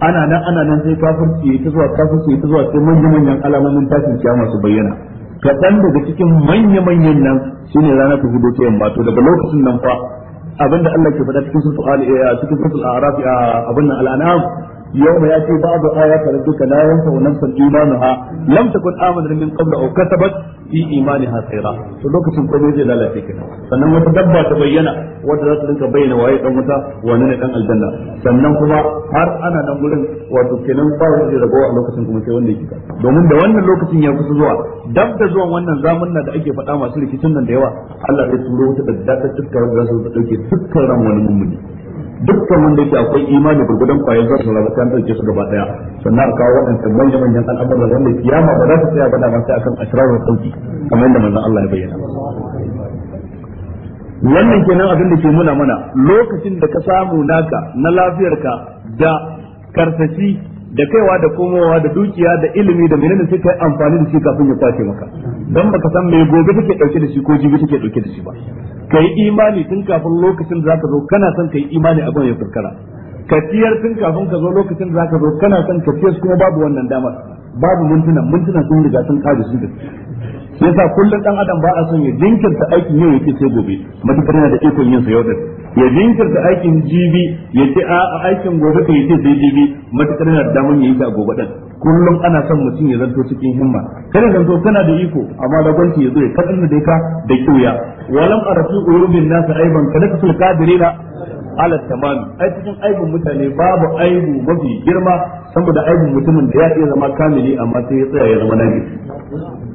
ana nan ana nan sai kafirci ta zuwa kafirci ta zuwa sai manyan manyan alamomin tashin kiyama su bayyana kaɗan daga cikin manya-manyan nan shine rana ta hudu ta yamma to daga lokacin nan fa abinda Allah ke faɗa cikin suratul al eh, cikin suratul a'raf eh, abin nan al-an'am يوم ياتي بعض ايات ربك لا ينفع نفسا ايمانها لم تكن امنت من قبل او كسبت في ايمانها خيرا to lokacin komai zai lalace kenan sannan wata dabba ta bayyana wanda za ta rinka bayyana waye dan wuta wani ne dan aljanna sannan kuma har ana nan gurin wato kenan ba wanda zai a lokacin kuma sai wanda domin da wannan lokacin ya kusa zuwa dab da zuwan wannan zamanin da ake faɗa masu rikicin nan da yawa Allah ya turo wata da ta tsaka wanda za su dauke dukkan ran wani mummuni dukkan wanda yake akwai imani gurgudan kwayar zai su rabu kan dauke su gaba daya sannan a kawo waɗancan manyan manyan al'amura wanda kiyama ba za su tsaya ba da ma sai akan da sauki kamar yadda manzon Allah ya bayyana wannan kenan abin da ke muna mana lokacin da ka samu naka na lafiyarka da karsashi da kaiwa da komowa da dukiya da ilimi da menene sai kai amfani da shi kafin ya kwace maka dan baka san me gobe take dauke da shi ko jibi take dauke da shi ba kai imani tun kafin lokacin da zaka zo kana son kai imani abin ya furkara ka tun kafin ka zo lokacin da zaka zo kana son ka kuma babu wannan damar babu mintuna, mintunan sun riga sun kaji sun da yasa kullum dan adam ba a son ya jinkirta aikin yau yake sai gobe matukar yana da ikon yin sa yau da ya jinkirta aikin jibi ya ce a aikin gobe ka yi ce sai jibi matakar yana da damar yi ta gobe ɗan kullum ana son mutum ya zanto cikin himma kada zanto kana da iko amma da gwanci ya zo ya kaɗan da ka da kyauya walam a arafi urubin nasa aiban kada ka sulka dirina ala tamami ai cikin aibin mutane babu aibu mafi girma saboda aibin mutumin da ya iya zama kamili amma sai ya tsaya ya zama nabi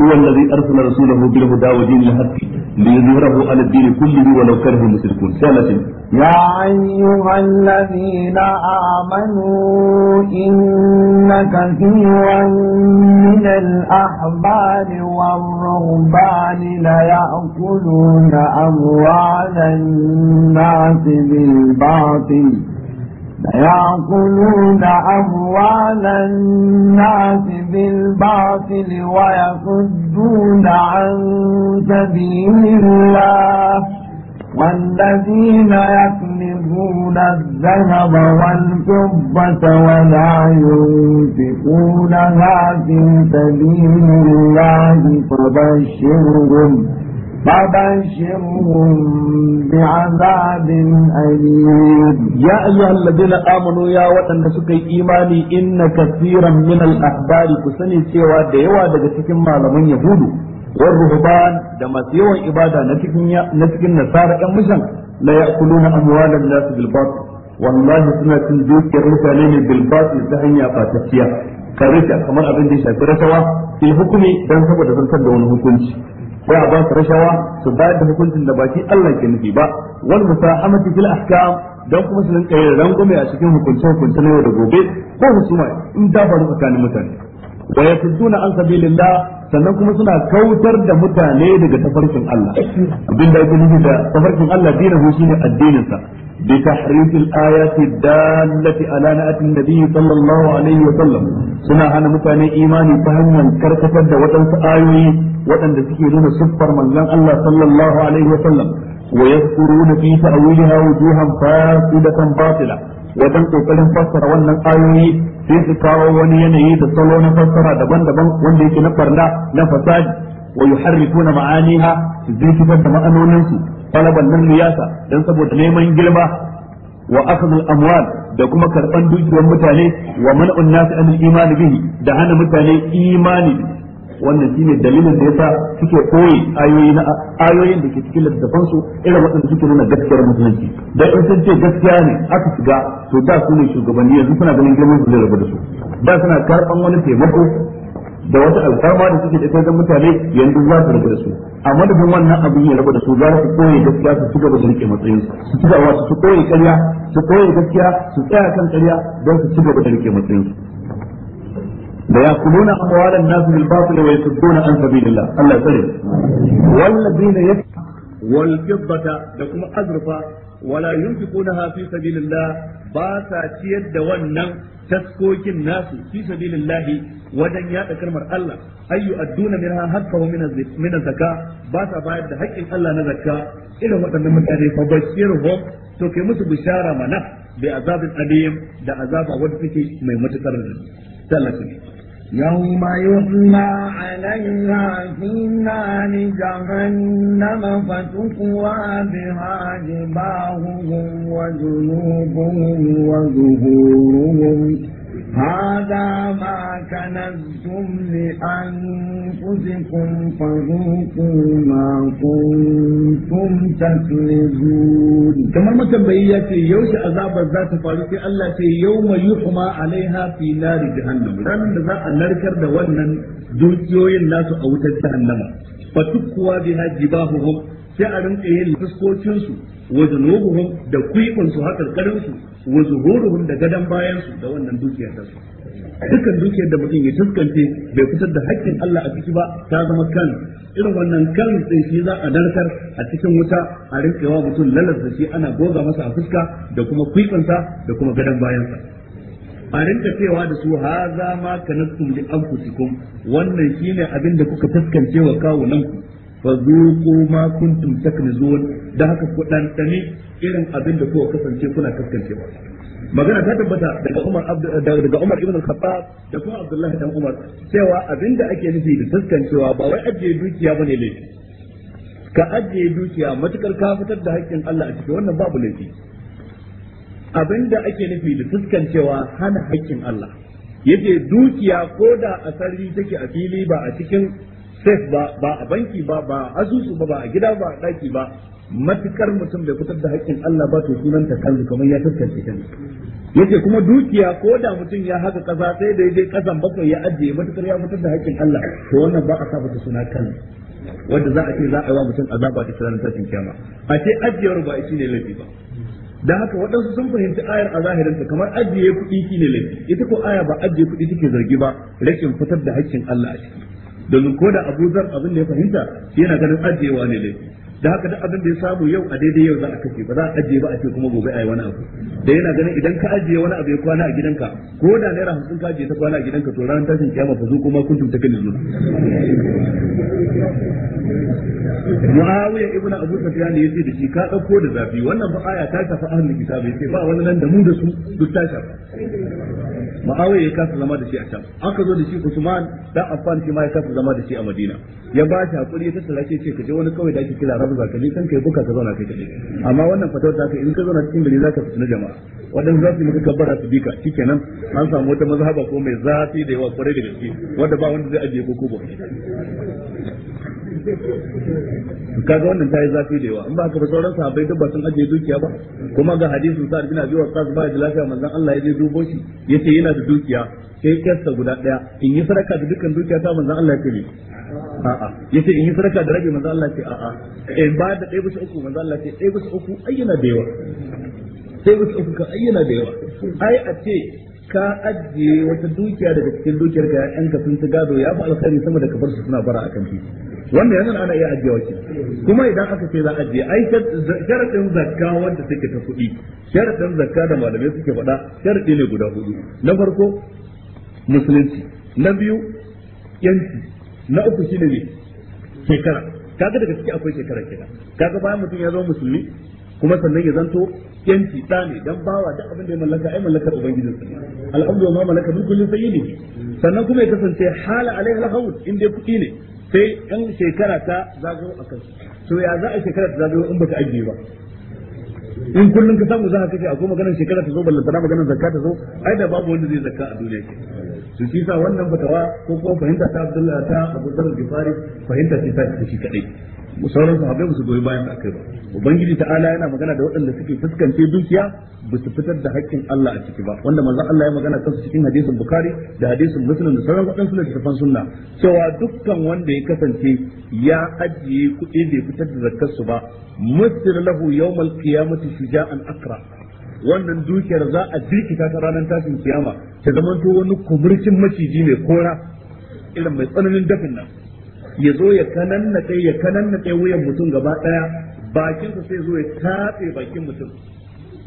هو الذي أرسل رسوله بالهدى ودين الحق ليظهره على الدين كله ولو كره المشركون ثالثا يا أيها الذين آمنوا إن كثيرا من الأحبار والرهبان ليأكلون أموال الناس بالباطل يأكلون أموال الناس بالباطل ويصدون عن سبيل الله والذين يكنزون الذهب والفضة ولا ينفقونها في سبيل الله فبشرهم فبشرهم بعذاب أليم يا أيها الذين آمنوا يا وطن سكي إيماني إن كثيرا من الأحبار كسني سوى ديوا دقتكم ما لمن يهود والرهبان دما سيوا إبادة نتكن نصارى كمشن لا يأكلون أموال الناس بالباطل والله سنة دوك الرسالين بالباطل تهيا فاتسيا كرشا كمان أبن دي شاكرة سوا في الحكم دان سبب دان سبب دان حكمش ba a ba su rashawa su bayar da hukuncin da baki Allah ke nufi ba wal musahamati fil ahkam dan kuma su rinka yin rangwame a cikin hukunce hukunce na yau da gobe ko husuma in ta faru tsakanin mutane wa yasudduna an sabilillah sannan kuma suna kautar da mutane daga tafarkin Allah abin da yake nufi da tafarkin Allah dinahu shine addinin sa bi tahrifil ayati dallati ala na'atin nabiy sallallahu alaihi wa sallam suna hana mutane imani ta hanyar karkatar da waɗansu ayoyi waɗanda suke nuna siffar manzon Allah sallallahu alaihi wa sallam ويذكرون في تأويلها وجوها فاسدة باطلة wajen kokarin fassara wannan ayoyi sai su kawo wani yanayi da salo na fassara daban-daban wanda yake na ɓarna na fasadi wa yuharrifuna ma'aniha su zai da ma'anoninsu talaban nan liyasa dan saboda neman girma wa akhdhul amwal da kuma karban dukiyar mutane wa man'un nasi an iman bihi da hana mutane imani wannan shine dalilin da yasa suke koyi ayoyi na ayoyin da ke cikin littafan su irin waɗanda suke nuna gaskiyar musulunci da in sun ce gaskiya ne aka shiga to da su ne shugabanni yanzu suna ganin girman su zai rabu da su da suna karɓan wani taimako da wata alfarma da suke da ita dan mutane yanzu za su rabu da su a da wannan abin ya rabu da su za su koyi gaskiya su ci gaba da rike matsayin su ci gaba su koyi ƙarya su koyi gaskiya su tsaya kan ƙarya don su ci gaba da rike matsayin su da yakuluna amwalan nas bil batil wa yasudduna an sabilillah Allah tsare wallazina yak wal fiddata da kuma azrufa wala yunfiqunaha fi sabilillah ba sa ciyar da wannan taskokin nasu fi sabilillah wajen yada kalmar Allah ayyu adduna minha haqqahu min min zakka ba sa bayar da haƙƙin Allah na zakka irin waɗannan mutane fa bashirhum to kai musu bishara mana bi azabin alim da azaba wanda take mai matukar da يوم يحمى عليها في نار جهنم فتقوى بها جباههم وجنوبهم وظهورهم هذا ما كنزتم لأنفسكم فذوقوا ما كنتم تكنزون كما متبعية يوش عذاب الذات فارسي الله يوم يحمى عليها في نار جهنم رمي ذا النركر دوانا دوكيوين ناس أو تجهنم فتكوى بها جباههم sai a rinka yin fuskokin su wa zunubuhum da kuifin su hakar karin su da gadan bayan da wannan dukiyar da su dukkan dukiyar da mutum ya tuskance bai fitar da haƙƙin Allah a ciki ba ta zama kan irin wannan kan sai shi za a narkar a cikin wuta a rinkewa mutum lalasa shi ana goga masa a fuska da kuma kwifansa da kuma gadon bayansa a rinka cewa da su ha za ma kanastum li anfusikum wannan shine abin da kuka tuskance wa kawunanku ku fazuqu ma kuntum taknizun da haka ku dandane irin abin da kuka kasance kuna kaskancewa magana ta tabbata daga Umar daga Umar ibn al-Khattab da kuma Abdullahi dan Umar cewa abinda ake nufi da kaskancewa ba wai ajiye dukiya bane laifi ka ajiye dukiya matukar ka fitar da haƙƙin Allah a ciki wannan babu laifi abinda ake nufi da fuskancewa hana haƙƙin Allah yace dukiya ko da asali take a fili ba a cikin safe ba ba a banki ba ba a asusu ba ba a gida ba a daki ba matukar mutum bai fitar da haƙƙin Allah ba to ta kanzu kamar ya taskace ta yace kuma dukiya ko da mutum ya haka kasa sai da yaje kasan bakwai ya ajiye matukar ya fitar da haƙƙin Allah to wannan ba a sa ta suna kanzu wanda za a ce za a yi wa mutum azaba da ta tashin kiyama a ce ajiyar ba shi ne laifi ba dan haka waɗansu sun fahimci ayar a zahirin ta kamar ajiye kuɗi shi ne laifi ita ko aya ba ajiye kuɗi take zargi ba rashin fitar da haƙƙin Allah a ciki domin ko da Abu Zar abin da ya fahimta yana ganin ajiyewa ne dai da haka duk abin da ya samu yau a daidai yau za a kashe ba za a ajiye ba a ce kuma gobe a yi wani abu da yana ganin idan ka ajiye wani abu ya kwana a gidanka ko da naira hamsin ka ajiye ta kwana a gidanka to ranar tashin kiyama fa zo kuma kun tuntu kalli zuwa Muawiya ibn Abu Sufyan yace da shi ka dauko da zafi wannan ba aya ta tafi ahlul kitab yace ba wani nan da mu da su duk ta Muawiya ya kasa zama da shi a can aka zo da shi Usman dan Affan shi ma ya kasa zama da shi a Madina ya ba shi hakuri ya tattala shi ce ka je wani kawai da ake kira Rabza ka je kan kai buka ka zauna kai kadai amma wannan fatawar ta ka in ka zauna cikin gari zaka fitina jama'a wadanda za su yi maka kabbara su bika shikenan an samu wata mazhaba ko mai zafi da yawa kwarai da gaske wanda ba wanda zai ajiye ko ko kaga wannan ta yi zafi da yawa in ba ka ba sauran sahabbai duk ba sun ajiye dukiya ba kuma ga hadisu, sa sa'ad bin biyuwa kasu ba da lafiya manzan Allah ya je dubo shi ce yana da dukiya sai kyasta guda daya in yi sadaka da dukkan dukiya ta manzan Allah ya ce a'a ce in yi sadaka da rabi manzan Allah ya ce a'a in eh, ba da ɗaya bisa uku manzon Allah ya ce ɗaya bisa uku ayyana da yawa sai bisa uku kan ayyana da yawa ai a ce ka ajiye wata dukiya daga cikin dukiyar ka yan ka sun ci gado ya fi alkhairi sama da kafar su suna bara a kan titi Wannan yanzu ana iya ajiye wakil kuma idan aka ce za a ajiye ai sharadin zakka wanda take ta kuɗi sharadin zakka da malamai suke faɗa sharadi ne guda hudu na farko musulunci na biyu yanci na uku shine ne shekara kaga daga ciki akwai shekara kenan kaga bayan mutum ya zama musulmi kuma sannan ya zanto yanci da ne dan bawa duk abin da ya mallaka ai mallakar ubangijin sa al'amdu ma malaka bi kullin sayyidi sannan kuma ya kasance hala alaihi al-hawd in dai kuɗi ne sai yan shekara ta zagayo a kai. to ya za a shekara ta zagayo in baka ajiye ba in kullun ka samu za ka kashe akwai ganin shekara ta zo ballantana maganar zakka ta zo ai da babu wanda zai zakka a duniya ke su shi sa wannan fatawa ko kuma fahimta ta Abdullahi ta Abu Dharr Gifari fahimta ce ta shi kadai sauran sahabbai ba su goyi bayan da ba ubangiji ta'ala yana magana da waɗanda suke fuskance dukiya ba su fitar da haƙƙin Allah a ciki ba wanda manzon Allah ya magana kansu cikin hadisin bukhari da hadisin muslim da sauran waɗansu littattafan sunna cewa dukkan wanda ya kasance ya ajiye kuɗi bai fitar da zakkar su ba musir lahu yawmal qiyamati shuja'an akra wannan dukiyar za a jirkita ta ranar tashin kiyama ta zamanto wani kumurcin maciji mai kora irin mai tsananin dafin nan ya zo ya kai ya kai wuyan mutum gaba daya bakin sa sai zo ya tafe bakin mutum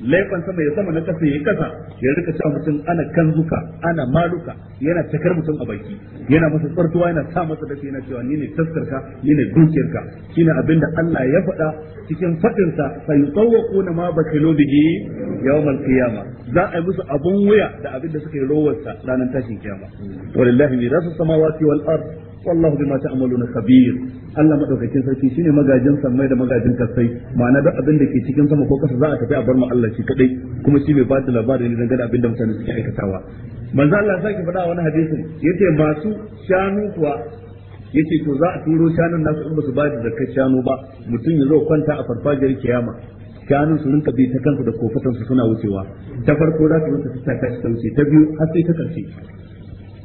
laifin sama ya sama na kasa ya kasa ya rika cewa mutum ana kanzuka ana maluka yana takar mutum a baki yana masa tsartuwa yana sa masa dafi yana cewa ni ne taskarka ni ne dukiyarka shine abin da Allah ya faɗa cikin faɗin sa fa na ma bakilu bihi yawmal qiyama za a yi musu abun wuya da abin da suka yi rowar sa ranar tashin kiyama wallahi mirasu samawati wal ard wallahu bima na khabir Allah maɗaukakin sarki shine magajin sammai da magajin kasai ma'ana duk abin da ke cikin sama ko kasa za a tafi a bar mu Allah shi kadai kuma shi bai ba da labari ne dangane abin da mutane suke aikatawa manzo Allah sake faɗa wani hadisin yace masu shanu kuwa yace to za a turo shanun nasu in ba su ba da zakar shanu ba mutum ya zo kwanta a farfajiyar kiyama shanun su rinka bi ta kansu da kofatan su suna wucewa ta farko za su rinka ta tashi ta wuce ta biyu har sai ta karshe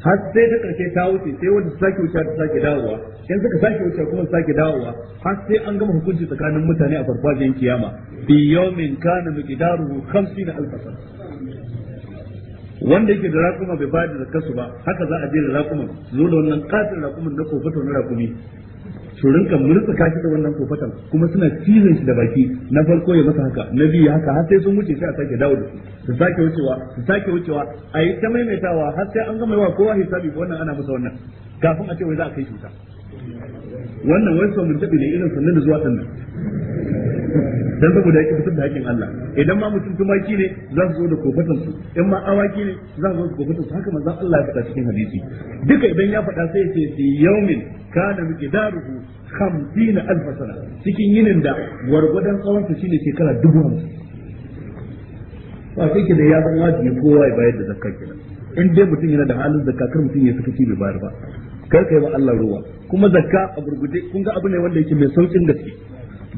har sai ta karshe ta wuce sai wanda su sake wuce ta sake dawowa in suka sake wuce kuma sake dawowa har sai an gama hukunci tsakanin mutane a farfajiyar kiyama bi yawmin kana miqdaruhu 50 alf sana wanda yake da rakuma bai bada da kasu ba haka za a je da rakuma zo da wannan katin rakuman na kofa na rakumi su rinka mulka shi da wannan kofatan kuma suna cizon shi da baki na farko ya masa haka na biyu haka har sai sun wuce sai a sake dawo da su su sake wucewa su sake wucewa a yi ta maimaitawa har sai an gama yawa kowa hisabi ko wannan ana masa wannan kafin a ce wai za a kai cuta wannan wai sau mun tabi ne irin sannan da zuwa sannan dan saboda yake fitar da hakkin Allah idan ma mutum tumaki ne za su zo da kofatan su in ma awaki ne za su zo da kofatan su haka manzon Allah ya faɗa cikin hadisi duka idan ya faɗa sai ce fi yawmin kana miqdaruhu 50 alf sana cikin yinin da gwargwadon tsawon sa shine shekara dubu ba sai ke da ya zama wajibi kowa ya bayar da zakka kenan in dai mutum yana da halin zakka kar mutum ya sakaci bai bayar ba kar kai ba Allah ruwa kuma zakka a gurgude kun ga abu ne wanda yake mai saukin gaske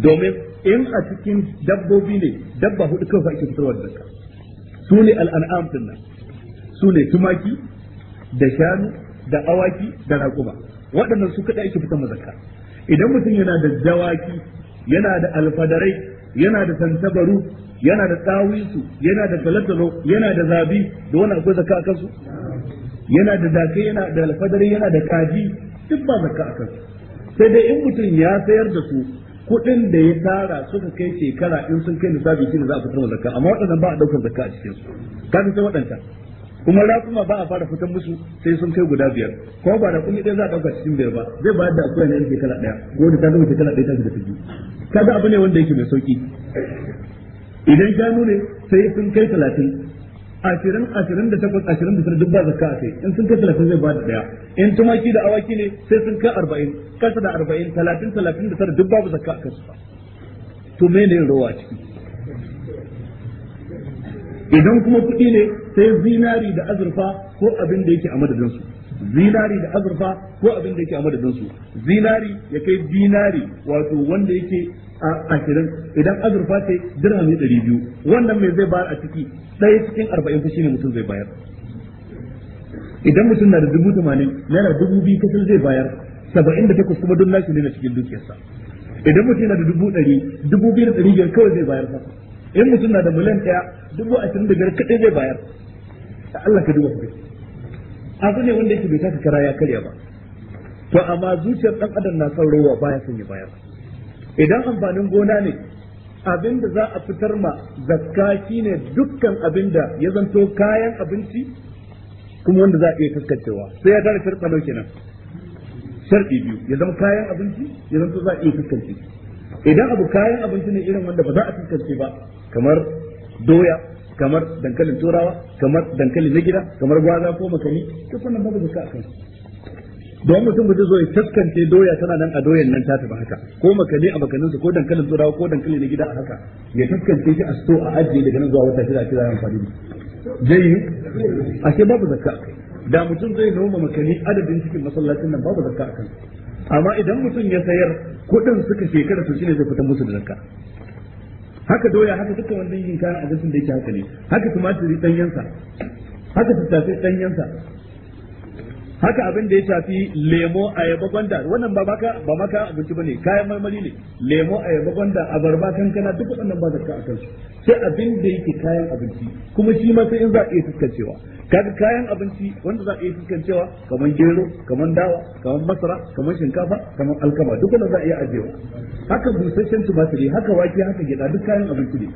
domin in a cikin dabbobi ne dabba hudu kan ake fitarwa da zakka su ne al'an'am din nan su ne tumaki da shanu da awaki da raƙuma waɗannan su kaɗai ake fitar zakka idan mutum yana da jawaki, yana da alfadarai yana da tantabaru yana da tsawisu yana da talatalo yana da zabi da wani akwai zakka akan su yana da dake yana da alfadarai, yana da kaji duk ba zakka akan su sai dai in mutum ya sayar da su kuɗin da ya tara suka kai shekara in sun kai nisabi shine za a fitar da zakka amma waɗannan ba a daukar zakka a cikin su kafin sai waɗanta kuma raƙuma ba a fara fitar musu sai sun kai guda biyar ko ba da kuma ɗaya za a ɗauka cikin biyar ba zai bayar da akuya ne shekara ɗaya ko da ta zama shekara ɗaya ta da ta biyu kaga abu ne wanda yake mai sauki idan gano ne sai sun kai talatin ashirin ashirin da takwas ashirin da tara duk ba zakka a kai in sun kai talatin zai ba da daya in tumaki da awaki ne sai sun kai arba'in kasa da arba'in talatin talatin da tara duk babu zakka a kansu to me ne rawa ciki idan kuma kuɗi ne sai zinari da azurfa ko abin da yake a madadinsu zinari da azurfa ko abin da yake a madadinsu zinari ya kai dinari wato wanda yake a ashirin idan azurfa ce dirhami ɗari biyu wannan mai zai ba a ciki ɗaya cikin arba'in fa shine mutum zai bayar idan mutum na da dubu tamanin yana dubu biyu kasar zai bayar saba'in da takwas kuma don nashi ne na cikin dukiyarsa idan mutum na da dubu ɗari dubu biyu da ɗari biyar kawai zai bayar fa in mutum na da miliyan ɗaya dubu ashirin da biyar kaɗai zai bayar da Allah ka duba ku abu ne wanda yake bai taka kara ya karya ba to amma zuciyar ɗan adam na saurowa baya son ya bayar idan amfanin gona ne abin da za a fitar ma zakka shine dukkan abin da ya zanto kayan abinci kuma wanda za a iya kaskancewa sai ya tare sharɗa nau kenan sharɗi biyu ya zama kayan abinci ya zanto za a iya kaskance idan abu kayan abinci ne irin wanda ba za a kaskance ba kamar doya kamar dankalin turawa kamar dankalin na gida kamar gwaza ko makani duk wannan babu zakka a kansu don mutum ba zo ya taskance doya tana nan a doyan nan ta tafi haka ko makani a makanin su ko dankalin turawa ko dankalin na gida a haka ya taskance shi a so a ajiye daga nan zuwa wata shida a kira amfani da zai yi a ce babu zakka da mutum zai noma makani adadin cikin masallacin nan babu zakka akan amma idan mutum ya sayar kuɗin suka shekara su shine zai fitar musu da zakka haka doya haka dukkan wannan yin kayan abincin da yake haka ne haka tumatiri ɗanyensa, haka tattasai ɗanyensa. haka abin da ya shafi lemo ayaba gwanda wannan ba maka ba maka abinci bane kayan marmari ne lemo ayaba gwanda abarba kankana duk wannan ba zakka akan su sai abin da yake kayan abinci kuma shi ma sai in za a yi fuskancewa kaga kayan abinci wanda za a yi fuskancewa kamar gero kamar dawa kamar masara kamar shinkafa kamar alkama duk wanda za a iya ajewa haka busasshen tumatiri haka wake haka gida duk kayan abinci ne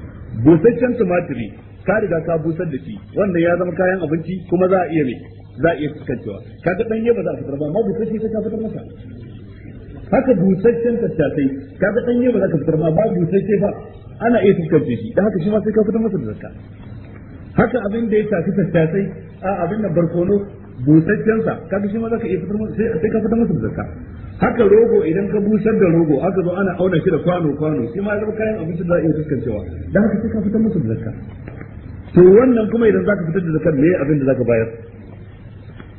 busasshen tumatiri ka riga ka busar da shi wannan ya zama kayan abinci kuma za a iya mai za a iya fuskancewa kaga danye ba za a fitar ba amma busasshe sai ka fitar masa haka busasshen tattasai kaga danye ba za ka fitar ba amma busasshe ba ana iya fuskance shi da haka shi ma sai ka fitar masa da zakka haka abin da ya tafi tattasai a abin da barkono busasshen sa kaga shi ma za ka iya fitar masa sai ka fitar masa da zakka haka rogo idan ka busar da rogo haka zo ana auna shi da kwano kwano shi ma zama kayan abinci da za a iya fuskancewa da haka sai ka fitar masa da zakka to wannan kuma idan zaka fitar da zakar me abin da zaka bayar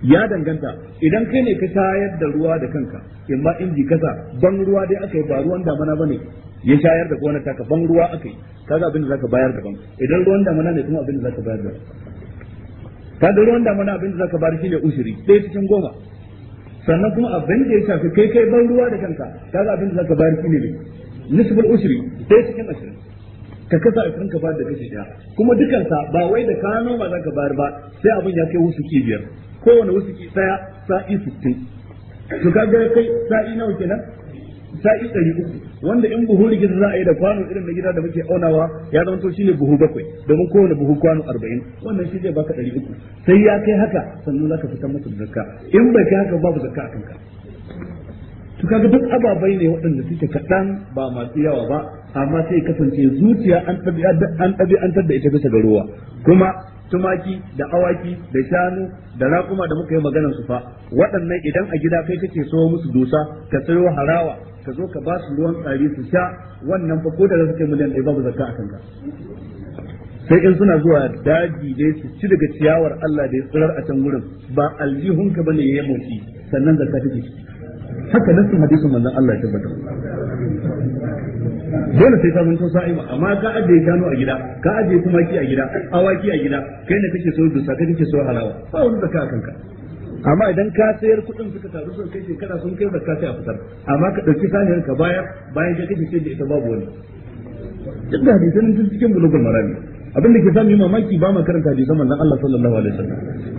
ya danganta idan kai ne ka tayar da ruwa da kanka in ma inji kasa ban ruwa dai aka yi ba ruwan damana bane ya shayar da gonar taka ban ruwa aka yi kaga abin da zaka bayar da daban idan ruwan damana ne kuma abin da zaka bayar da kaga ruwan damana abin da zaka bayar shine ushiri ɗaya cikin goma sannan kuma abin da ya shafi kai kai ban ruwa da kanka kaga abin da zaka bayar shine ne nisbul usuri ɗaya cikin ashirin ka kasa a ka bayar da kashi daya kuma dukansa ba wai da ka noma zaka bayar ba sai abin ya kai wasu kibiyar kowane ke saya sa'i 60 to kaga kai sa'i nawa kenan sa'i 300 wanda in buhu rigin za a yi da kwano irin na gida da muke aunawa ya zama to shine buhu bakwai domin kowane buhu kwano 40 wannan shi zai baka 300 sai ya kai haka sannan ka fitar masa zakka in bai kai haka babu zakka a kanka to kaga duk ababai ne waɗanda suke kaɗan ba masu yawa ba amma sai kasance zuciya an ɗabi'antar da ita bisa ga ruwa kuma tumaki da awaki da shanu da raƙuma da muka yi maganar su fa waɗannan idan a gida kai kake so musu dusa ka sayo harawa ka zo ka ba su ruwan tsari su sha wannan fa ko da za kai miliyan ɗaya babu zakka a kanka sai in suna zuwa daji da su ci daga ciyawar Allah da ya tsirar a can wurin ba aljihunka bane ya motsi sannan zakka take haka nan hadisin manzon Allah ya tabbata dole sai ka zanto sa'ima amma ka ajiye shanu a gida ka ajiye tumaki a gida awaki a gida kai ne kake so dusa kai kake so halawa ba wani zaka kanka amma idan ka sayar kuɗin suka taru sun kai shekara sun kai da sai a fitar amma ka ɗauki saniyar ka bayar bayan ka kake sai da ita babu wani duk da hadisan nan cikin bulugul marami abin da ke sami mamaki ba ma karanta hadisan manzon Allah sallallahu alaihi wasallam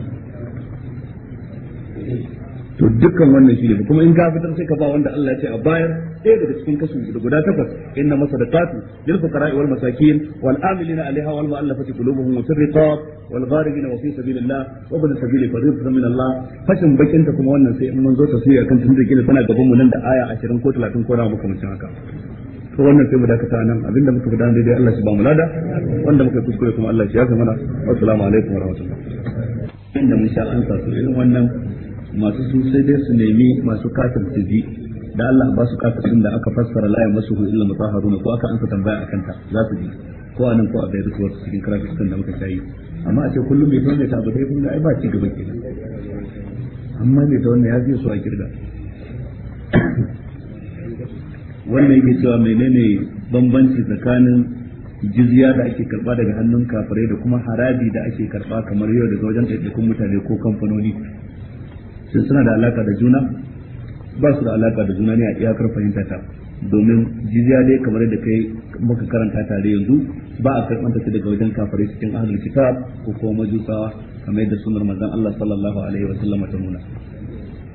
to dukkan wannan shi ne kuma in ka fitar sai ka ba wanda Allah ya ce a bayar ɗaya daga cikin kasu guda takwas inna masadaqatu lil fuqara'i wal masakin wal amilina alaiha wal mu'allafati qulubuhum wa sirriqab wal gharibina wa fi sabilillah wa ibn sabili fariidatan min Allah fashin bakin ta kuma wannan sai in mun zo tasiri kan tun da kila tana gaban mu nan da aya 20 ko 30 ko na makamancin haka to wannan sai mu dakata nan abinda muka gudanar dai Allah shi ba mu lada wanda muka kuskure kuma Allah shi ya mana assalamu alaikum wa rahmatullah inda mun sha an sa su irin wannan masu su sai dai su nemi masu kafin su ji da Allah ba su kafin din da aka fassara la yamassuhu illa mutahharuna ko aka ansa tambaya akan ta za su ji ko anan ko a bai da su cikin karatu da muka tayi amma a ce kullum mai tona ta abu dai kun ga ai ba ci gaba kenan amma mai ta ya fi su a kirga wannan yake cewa menene bambanci tsakanin jizya da ake karba daga hannun kafirai da kuma haraji da ake karba kamar yau daga wajen ɗaiɗaikun mutane ko kamfanoni shin suna da alaka da juna ba su da alaka da juna ne a iyakar fahimta ta domin jizya dai kamar da kai muka karanta tare yanzu ba a karɓar ta daga wajen kafare cikin ahlul kitab ko kuma majusawa kamar yadda sunar mazan Allah sallallahu alaihi wa sallam ta nuna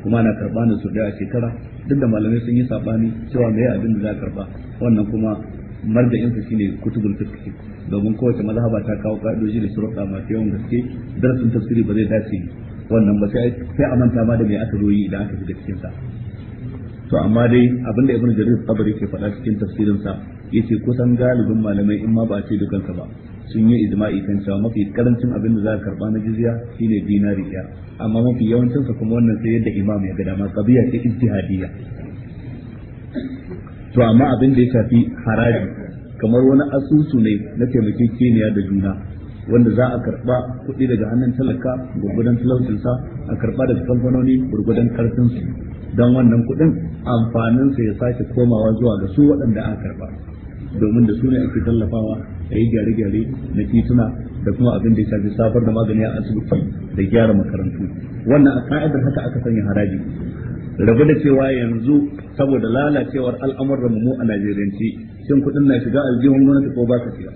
kuma na karɓa ne su da shekara duk da malamai sun yi sabani cewa me abin da za a karɓa wannan kuma marja'in su shine kutubul fiqh domin kowace mazhaba ta kawo ka'idoji da shuruɗa ma yawan gaske darasin tafsiri ba zai dace wannan ba sai a manta ma da me aka zo yi idan aka fi cikin sa to amma dai abinda ibnu jarir tabari ke faɗa cikin tafsirin sa yace kusan galibin malamai in ma ba a ce dukansa ba sun yi ijma'i kan cewa mafi karancin abin da za a karba na jizya shine dinari ya amma mafi yawancin sa kuma wannan sai yadda imam ya ga dama qabiya ce ijtihadiyya to amma abin da ya shafi haraji kamar wani asusu ne na taimakekeniya da juna wanda za a karba kuɗi daga hannun talaka gurgudan talaucinsa a karba daga kamfanoni gurgudan karfinsu don wannan kuɗin amfaninsa ya sake komawa zuwa ga su waɗanda a karba domin da su ne ake tallafawa a yi gyare-gyare na tituna da kuma abin da ya shafi safar da magani a asibiti da gyara makarantu wannan a ka'idar haka aka sanya haraji rabu da cewa yanzu saboda lalacewar al'amuran mu a Najeriyanci shin kuɗin na shiga aljihun gwamnati ko ba ka shiga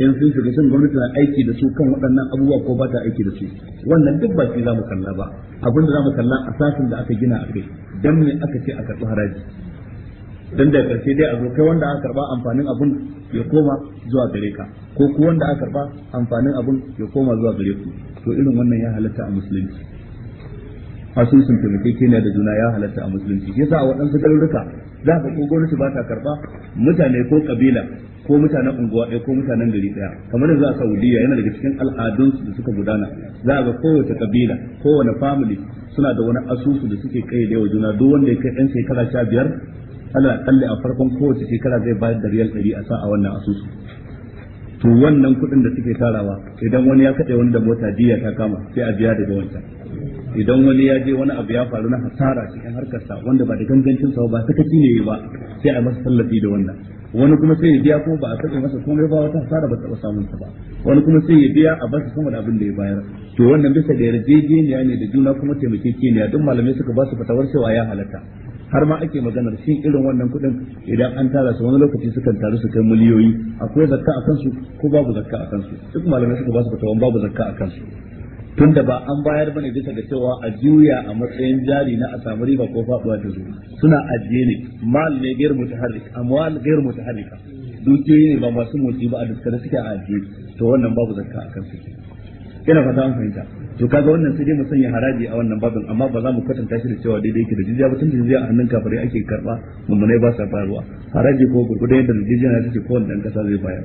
in sun shiga sun gwamnati na aiki da su kan waɗannan abubuwa ko ba ta aiki da su wannan duk ba shi za mu kalla ba abin da za mu kalla a sashen da aka gina a kai don me aka ce a karɓi haraji don da karshe dai a zo kai wanda aka karba amfanin abun ya koma zuwa gare ka ko ku wanda aka karba amfanin abun ya koma zuwa gare ku to irin wannan ya halatta a musulunci asusun taimakekeniya da juna ya halatta a musulunci yasa a waɗansu garuruka za ka ko gwamnati ba ta karba mutane ko kabila ko mutanen unguwa ɗaya ko mutanen gari ɗaya kamar yanzu a Saudiya yana daga cikin al'adun da suka gudana za a ga kowace kabila kowane family suna da wani asusu da suke kai da juna duk wanda ya kai ɗan shekara sha biyar Allah kalli a farkon kowace shekara zai bayar da riyal ɗari a sa a wannan asusu to wannan kuɗin da suke tarawa idan wani ya kaɗe wani da mota diya ta kama sai a biya daga wancan idan wani ya je wani abu ya faru na hasara cikin harkarsa wanda ba da gangancin sa ba sakaci ne ba sai a masa tallafi da wannan wani kuma sai ya biya ko ba a taɓa masa komai ba wata hasara ba taɓa samun sa ba wani kuma sai ya biya a basu sama da abin da ya bayar to wannan bisa da yarjejeniya ne da juna kuma taimakekeniya duk malamai suka ba su fatawar cewa ya halatta har ma ake maganar shin irin wannan kuɗin idan an tara su wani lokaci sukan taru su kai miliyoyi akwai zakka a kansu ko babu zakka a kansu duk malamai suka ba su fatawar babu zakka a kansu Tunda ba an bayar bane bisa ga cewa a juya a matsayin jari na a samu riba ko faduwa ta zo suna ajiye ne mal ne gair mutaharrik amwal gair mutaharrika dukiyoyi ne ba masu motsi ba a daskare suke a ajiye to wannan babu zakka akan suke ina fata an fahimta to kaga wannan sai dai mu sanya haraji a wannan babin amma ba za mu kwatanta shi da cewa daidai yake da jizya ba tunda jizya a hannun kafare ake karba mummunai ba sa faruwa. haraji ko gurgurdan da jizya na take kowanne dan kasa zai bayar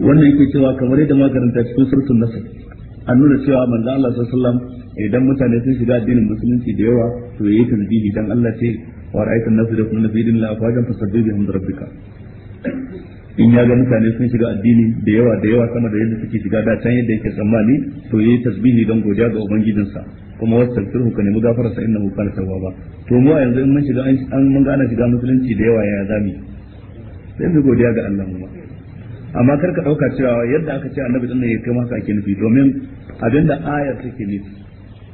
wannan yake cewa kamar yadda makaranta cikin surtun nasar, an nuna cewa manzo Allah sallallahu alaihi wasallam idan mutane sun shiga addinin musulunci da yawa to yayi tasbihi dan Allah ce wa ra'aytan nasu da kuma nabiyyin la afajan fasabbi bihim rabbika in ya ga mutane sun shiga addini da yawa da yawa sama da yadda suke shiga da can yadda yake tsammani to yayi tasbihi dan godiya ga ubangijinsa kuma wastaghfiruhu ka nemi gafara sa innahu kana tawwaba to mu a yanzu in mun shiga an mun ga ana shiga musulunci da yawa ya zami sai mu godiya ga Allah mu amma kar ka dauka cewa yadda aka ce annabi din ne ya kai masa ake nufi domin abinda ayar take nufi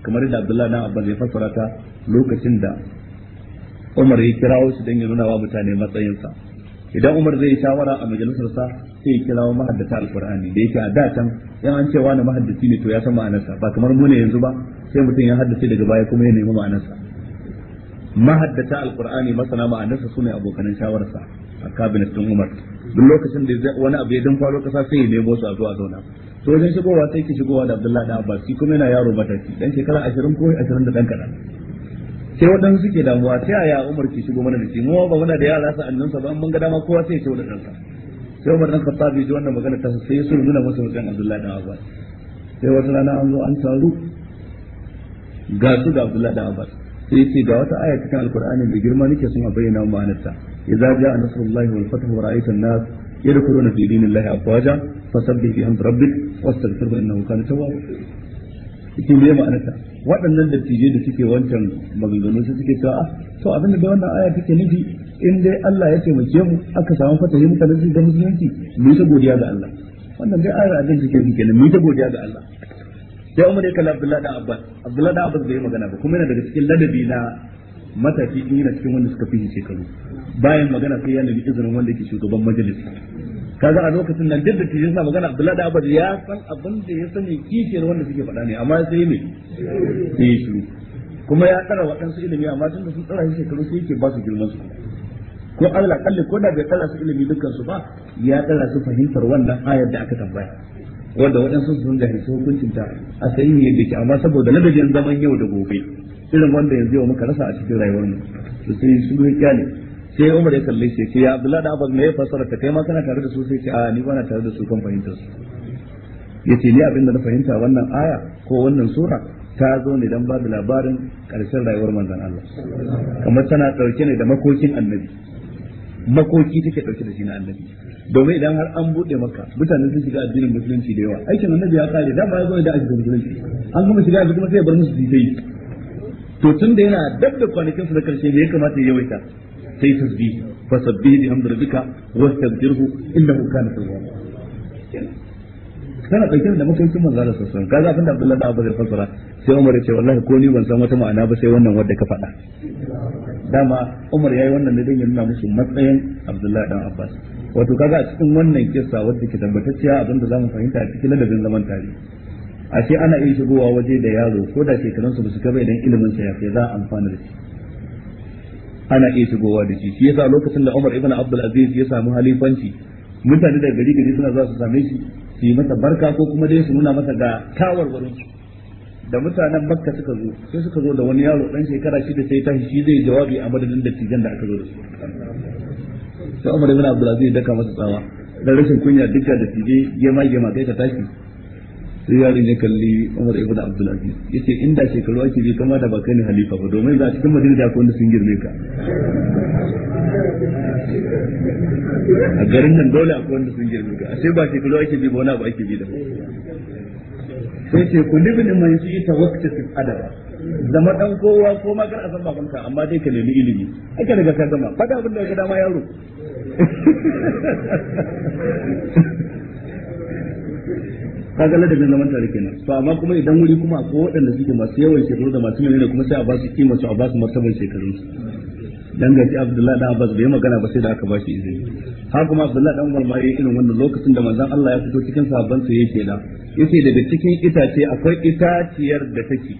kamar da Abdullahi dan Abbas ya fassara ta lokacin da Umar ya kirawo shi dan ya nuna wa mutane sa idan Umar zai shawara a majalisar sa sai ya kirawo mahaddata alqur'ani da yake a da can yan an cewa na mahaddisi ne to ya san ma'anarsa ba kamar mu ne yanzu ba sai mutum ya haddace daga baya kuma ya nemi ma'anarsa mahaddata alqur'ani masana ma'anarsa sune abokanan sa. a kabinet din Umar duk lokacin da wani abu ya dan faro kasa sai ya nemo su a zo a zauna to wajen shigowa sai ki shigowa da Abdullahi da Abbas shi kuma yana yaro mataki dan shekara 20 ko 20 da dan kadan sai waɗansu suke damuwa sai ya Umar ki shigo mana da shi mu ba muna da yara sa annansa ba mun ga dama kowa sai ya ce wa ɗansa sai Umar dan Khattab ya ji wannan magana ta sai ya so nuna masa wajen Abdullahi da Abbas sai wata rana an zo an taru ga su da Abdullahi da Abbas sai ce ga wata aya cikin Alkur'ani da girma nake son a bayyana ma'anarta idza jaa nasrullahi wal fathu wa ra'aita an-nas yadkhuluna fi dinillahi afwaja fasabbih bihamdi rabbik wastaghfirhu innahu kana tawwaba cikin me ma'anarta waɗannan dattijai da suke wancan maganganu su suke cewa ah to abinda da wannan aya take nufi in dai Allah ya taimake mu aka samu fatahi muka nan da musulunci mu ta godiya ga Allah wannan dai ayar abin take nufi kenan mu ta godiya ga Allah sai Umar ya kalli Abdullahi da Abbas Abdullahi da Abbas bai magana ba kuma yana daga cikin ladabi na matafi in yana cikin wanda suka fi shekaru bayan magana sai yana bi izinin wanda yake shugaban majalis. kaga a lokacin nan duk da ke yasa magana Abdullahi da Abbas ya san abin da ya sani kishiyar wanda suke faɗa ne amma sai me sai ya kuma ya tsara waɗansu ilimi amma tun da sun tsara shi shekaru sai yake ba su girman su ko Allah kalli ko da bai tsara su ilimi dukkan su ba ya tsara su fahimtar wannan ayar da aka tambaya wanda waɗansu sun jahilci hukuncin ta a sayi ne da ke amma saboda ladabin zaman yau da gobe irin wanda yanzu yau muka rasa a cikin rayuwar mu to sai su ya kyale sai Umar ya kalle shi ya Abdullahi da Abbas me ya fassara ta kai ma kana tare da su sai ce a ni ba na tare da su kan fahimtar su yace ni abin da na fahimta wannan aya ko wannan sura ta zo ne dan da labarin karshen rayuwar manzon Allah kamar tana dauke ne da makokin annabi makoki take dauke da shi na annabi domin idan har an bude maka mutane sun shiga addinin musulunci da yawa aikin annabi ya kare dan ba ya zo da addinin musulunci an kuma shiga da kuma sai ya bar musu dai to tun da yana dab da kwanakin su na karshe ya kamata ya yawaita sai tasbi fa sabbihi bihamdi rabbika wastaghfirhu innahu kana tawwaba kana dauke da makaikin manzo Allah sallallahu alaihi wasallam kaga abinda Abdullahi da Abu fasara sai Umar ya ce wallahi ko ni ban san wata ma'ana ba sai wannan wanda ka faɗa dama Umar yayi wannan ne don ya nuna musu matsayin Abdullahi dan Abbas wato kaga a cikin wannan kissa wacce ke tabbatacciya abinda zamu fahimta a cikin ladabin zaman tare a ce ana iya shigowa waje da yaro ko da shekarunsa ba su kai idan ilimin sa ya za a amfana da shi ana iya shigowa da shi shi yasa lokacin da Umar ibn Abdul Aziz ya samu halifanci mutane da gari gari suna zuwa su same shi su yi masa barka ko kuma dai su nuna masa ga kawarwarin su da mutanen Makka suka zo sai suka zo da wani yaro dan shekara shi da sai ta shi zai jawabi a madadin tijan da aka zo da su sai Umar ibn Abdul Aziz daka masa tsawa dan rashin kunya dukkan da tije ya mage kai ta tashi sai yaron ya kalli Umar ibn Abdul Aziz yace inda shekaru ake bi kama da ba ne halifa ba domin za a cikin Madina da wanda sun girme ka a garin nan dole akwai wanda sun girme ka ashe ba shekaru ake bi ba wani abu ake bi da sai ce ku libin mai shi ta wakta su adaba zama dan kowa ko ma kar a san babanka amma dai ka nemi ilimi aka daga ka gama faɗa abin da ka dama yaro kaga ladabin zaman tare kenan to amma kuma idan wuri kuma akwai waɗanda suke masu yawan shekaru da masu ne kuma sai a ba su kima su a ba su martaban shekaru. dan gaci Abdullahi dan Abbas bai magana ba sai da aka ba shi izini ha kuma Abdullahi dan Umar ma irin wannan lokacin da manzon Allah ya fito cikin sahabban sa yake da yace daga cikin itace akwai itaciyar da take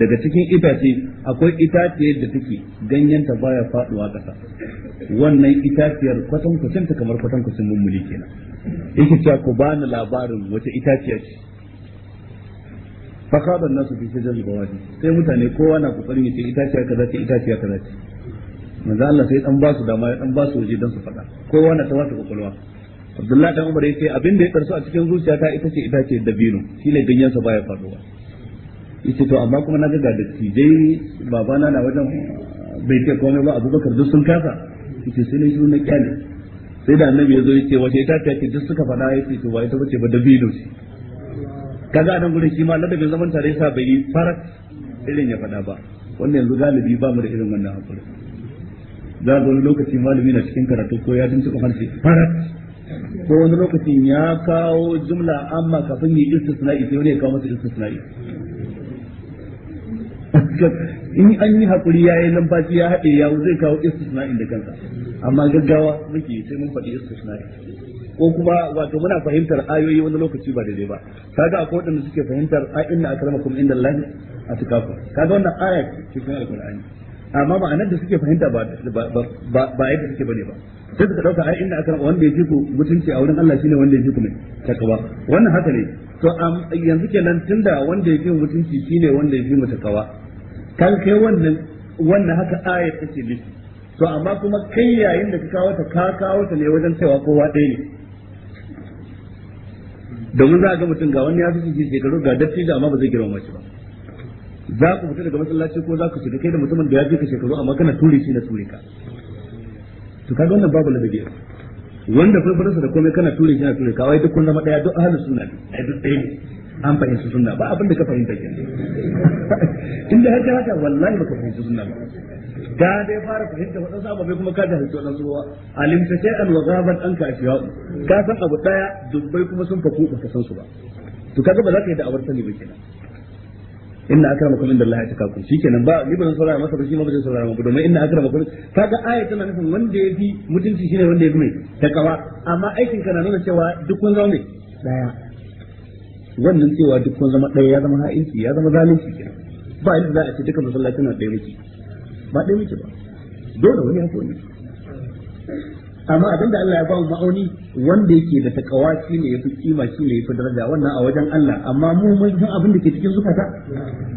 daga cikin itace akwai itaciyar da take ganyenta baya faduwa kasa wannan itaciyar kwatankwacin ta kamar kwatankwacin mummuli kenan yake cewa ku bani labarin wata itaciya ce fakaban nasu fi zuba bawadi sai mutane kowa na kokarin ya ce itaciya kaza ce itaciya kaza ce manzo Allah sai dan basu dama ya dan basu waje dan su faɗa kowa na ta wata kokolwa Abdullahi dan Umar yace abin da ya karso a cikin ta ita ce itace dabino shine ganyen sa baya faduwa yace to amma kuma naga ga dattijai babana na wajen bai ce komai ba Abubakar duk sun kasa yace sai ne shi na kyale sai da annabi ya zo ya ce wace ita ta ce duk suka faɗa ya ce to ba ita bace ba dabino ce kaga nan gurin shi ma ladabin zaman tare sa bai yi farat irin ya faɗa ba wannan yanzu galibi ba mu da irin wannan hakuri za ga wani lokaci malami na cikin karatu ko ya dinta kafar shi farat ko wani lokacin ya kawo jumla amma kafin yi istisna'i sai wani ya kawo masa istisna'i in an yi hakuri yayi numfashi ya haɗe yawo zai kawo istisna'in da kansa amma gaggawa muke sai mun faɗi istisnai ko kuma wato muna fahimtar ayoyi wani lokaci ba daidai ba kaga akwai waɗanda suke fahimtar a inna akramakum inda Allah a tukafa kaga wannan aya cikin alqur'ani amma ma'anar da suke fahimta ba ba yadda suke bane ba sai suka dauka a inna akrama wanda ya jiku ku mutunci a wurin Allah shine wanda ya jiku ku mai takawa wannan haka ne to yanzu kenan tunda wanda ya ji mutunci shine wanda ya fi mu takawa kan kai wannan wannan haka ayat take nufi to amma kuma kai yayin da ka kawo ta ka kawo ta ne wajen cewa kowa ɗaya ne domin za a ga mutum ga wani ya fi shi shekaru ga da amma ba zai girma shi ba za ku fita daga masallaci ko za ku shiga kai da mutumin da ya fi ka shekaru amma kana ture shi na ture ka to kaga wannan babu ladabi wanda farfarsa da komai kana ture shi na ture ka wai duk kun zama daya duk ahlus sunna ne ai duk ɗaya ne an fahimci sunna ba abin da ka fahimta kenan inda da ka haka wallahi ka fahimci sunna ba ka dai fara fahimta wadansu ababai kuma ka jahilci wadansu ruwa alimta an wa ghabat anka ashiya'u ka san abu daya dubbai kuma sun fa ba ka san su ba to kaga ba za ka yi da'awar sani ba kenan inna akramakum indallahi shi shikenan ba ni zan saurara masa ba shi ma zan saurara masa domin inna akramakum kaga aya tana nufin wanda yafi mutunci shine wanda yafi mai takawa amma aikin na nuna cewa duk kun zama mai daya wannan cewa duk kun zama daya ya zama ha'inci ya zama zalunci kenan ba inda za a ce duka masallacin na daya muke ba ɗaya muke ba dole wani hako ne amma abinda Allah ya ba mu ma'auni wanda yake da takawaci ne yafi kima shi ne yafi daraja wannan a wajen Allah amma mu mun san abin da ke cikin zukata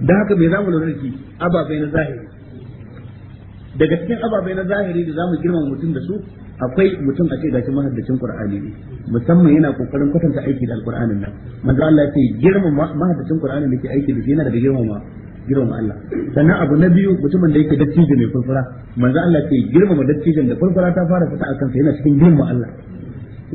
dan haka me zamu lura da shi ababai na zahiri daga cikin ababai na zahiri da zamu girmama mutum da su akwai mutum a ce gashi mahaddacin Qur'ani ne musamman yana kokarin kwatanta aiki da Al-Qur'anin nan manzo Allah ya ce girmama mahaddacin Qur'ani da ke aiki da yana yana daga girmama girmama Allah sannan abu na biyu mutumin da yake dattijo mai furfura manzo Allah ce girmama dattijon da furfura ta fara fita a kansa yana cikin girmama Allah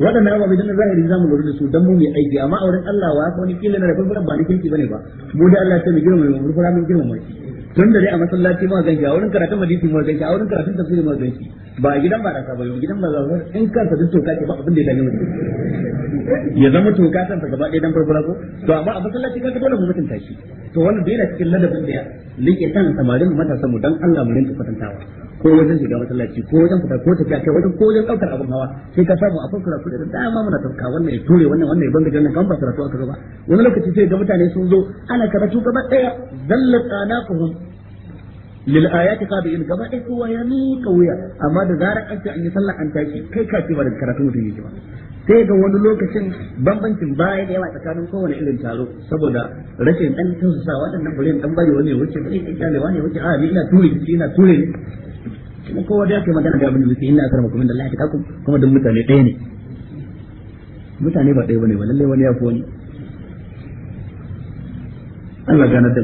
waɗannan ababai dan zahiri zamu lura da su dan mu mai aiki amma auren Allah wa ko ni kila na da furfura ba ni kirki bane ba mu da Allah ta mu girmama mu furfura mun girmama shi tun da dai a masallaci ma ganki a wurin karatun hadisi ma ganki a wurin karatun tafsiri ma ganki ba gidan ba da bayo gidan ba za in ta duk toka ke ba abin da ya dame mutum ya zama toka kansa gaba ɗaya dan furfura ko to amma a masallaci ka dole mu mutunta shi to wannan da yana cikin ladabin da ya, liƙe san samarin matasa mu dan Allah mu rinka kwatantawa ko wajen shiga masallaci ko wajen fita ko tafiya kai wajen ko wajen daukar abin hawa sai ka samu akwai karatu da dama muna tafka wannan ya ture wannan wannan ya banga jannan kan ba karatu aka zo ba wani lokaci sai ga mutane sun zo ana karatu gaba daya zallat anaqhum lil ayati qabiin gaba ɗaya kowa ya miƙa wuya amma da zarar an ce an yi sallah an tashi kai ka ba da karatu mutum yake ba sai ga wani lokacin bambancin baya da yawa tsakanin kowane irin taro saboda rashin dan tunsa waɗannan bare dan bari wani wuce bare dan kyalewa ne wuce a ah, ni ina ture ni ina ture kuma kowa da yake magana da abin da yake ina akar makumin da Allah ya kuma duk mutane ɗaya ne mutane ba ɗaya bane ba lalle wani ya fi wani Allah gane da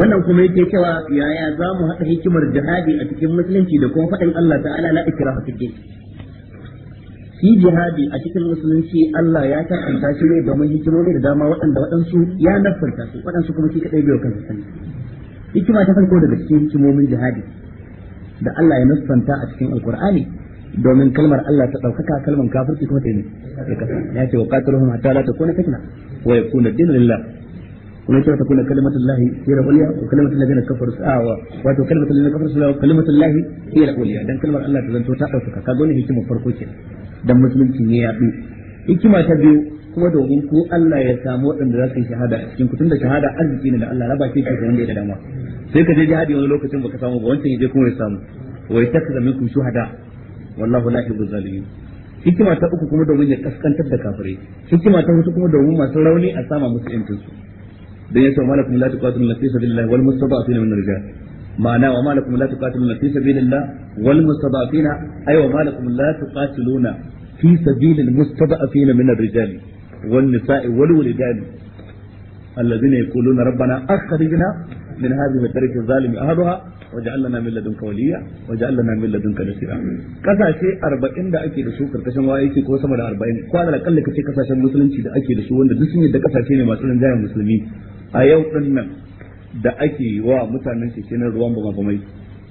wannan kuma yake cewa yaya za mu haɗa hikimar jihadi a cikin musulunci da kuma faɗin Allah ta'ala la ikraha fi din shi jihadi a cikin musulunci Allah ya taranta shi ne domin hikimomi da dama waɗanda waɗansu ya nafarta su waɗansu kuma shi kaɗai biyo kansu sani hikima ta farko daga cikin hikimomin jihadi da Allah ya nufanta a cikin Alƙur'ani domin kalmar Allah ta ɗaukaka kalmar kafirci kuma ta yi ya ce wa qatiluhum hatta la takuna fitna wa yakuna dinu lillah ومن شاء تكون كلمة الله هي العليا وكلمة الذين كفروا ساعة واتو كلمة الذين كفروا ساعة وكلمة الله هي العليا دان كلمة الله تزنتو تأوتك كاغوني هكما فرقوكي دان مسلم تنيابي هكما تبيو kuma domin ko Allah ya samu waɗanda za su yi shahada a cikin da shahada arziki ne da Allah raba shi ke wanda ya da dama sai ka je jihadi wani lokacin baka samu ba wancan je kuma ya samu wa yatakaza minkum hikima ta uku kuma domin ya kaskantar da kafirai hikima ta hudu kuma domin masu rauni a sama musu dan yasa ma lakum la tuqatiluna fi sabilillah wal mustada'afina min rijal ma'ana wa ma lakum la tuqatiluna fi sabilillah wal mustada'afina ay wa ma lakum la tuqatiluna fi sabilil mustada'afina min ar-rijal wan nisa'i wal wuldan الذين يقولون ربنا أخرجنا من هذه الطريق الظالم أهلها waje lana min ladunka waliya waje lana min ladunka nasira kasashe 40 da ake da su karkashin waye ko sama da 40 ko da kalla kace kasashen musulunci da ake da su wanda duk sun yadda kasashe ne masu rinjayen musulmi a yau din nan da ake yi wa mutanen shekenar ruwan bamai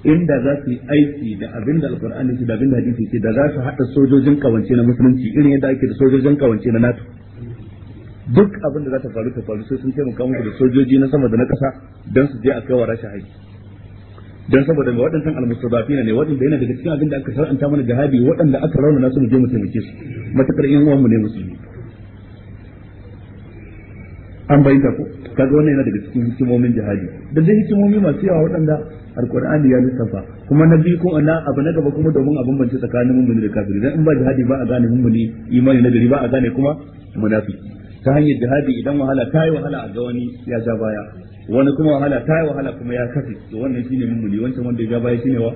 inda za su yi aiki da abin da alkur'ani ke da abin da hadisi ke da za su haɗa sojojin kawance na musulunci irin yadda ake da sojojin kawance na nato duk abin da za ta faru ta faru sai sun taimaka muku da sojoji na sama da na ƙasa don su je a kai wa rashin haƙi don saboda mai waɗannan almustazafi ne waɗanda yana daga cikin abin da aka shar'anta mana jihadi waɗanda aka raunana su mu je mu taimake su matakar yan uwanmu ne musulmi an bayyana ko kaga wannan yana daga cikin hikimomin jihadi da dai hikimomi masu yawa waɗanda alqur'ani ya lissafa kuma na biyu ko na abu na gaba kuma domin a bambance tsakanin mummuni da kafiri dan in ba jihadi ba a gane mummuni imani na gari ba a gane kuma munafiki ta hanyar jihadi idan wahala ta yi wahala a ga wani ya ja baya wani kuma wahala ta yi wahala kuma ya kafi to wannan shine mummuni wancan wanda ya ja baya shine wa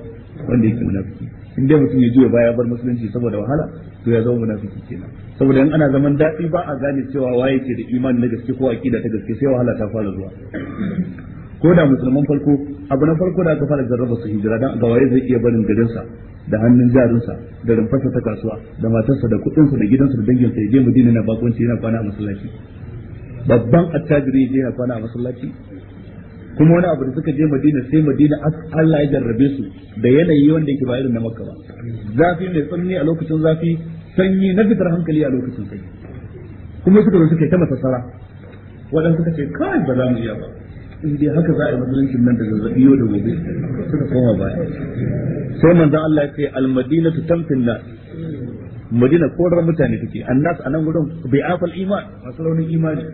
wanda yake munafiki in dai mutum ya juya baya bar musulunci saboda wahala to ya zama munafiki kenan saboda in ana zaman daɗi ba a gane cewa waye ke da imani na gaske ko aqida ta gaske sai wahala ta fara zuwa ko da musulman farko abu na farko da aka fara jarraba su hijira dan ga waye zai iya barin sa da hannun jarinsa da rumfarsa ta kasuwa da matarsa da kuɗinsa da gidansa da danginsa ya je madina na bakonci yana kwana a masallaci babban attajiri ya je yana kwana a masallaci kuma wani abu da suka je madina sai madina Allah ya jarrabe su da yanayi wanda yake ba irin na makka ba zafi mai tsanani a lokacin zafi sanyi na fitar hankali a lokacin sanyi kuma suka zo suka ta masassara waɗansu suka ce kai ba za mu iya ba in dai haka za a yi musuluncin nan da zazzabi yau da gobe suka koma ba sai manzon Allah ya ce al-madinatu tamfin nas madina korar mutane take annas anan gurin bi afal iman masu raunin imani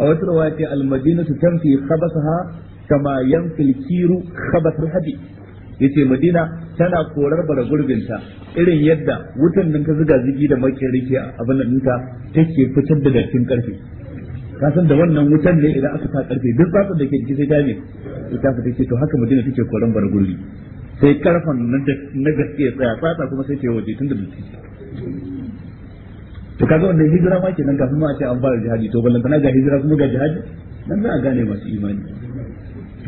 a wata rawa ce al-madinatu tamfi khabasaha kama yanfil kiru khabas al-hadi yace madina tana korar bara gurbinta irin yadda wutan nan ta zuga zigi da makirin ke abin da ta take fitar da dattin karfe ka san da wannan wutan ne idan aka sa karfe duk tsatsan da ke jiki sai dame ita ka take to haka madina take koran bara gurbi sai karfan na gaske tsaya tsatsa kuma sai ke waje tun da dutse to kaga wannan hijira ma nan kafin kuma a ce an fara jihadi to ballan kana ga hijira kuma ga jihadi nan za a gane masu imani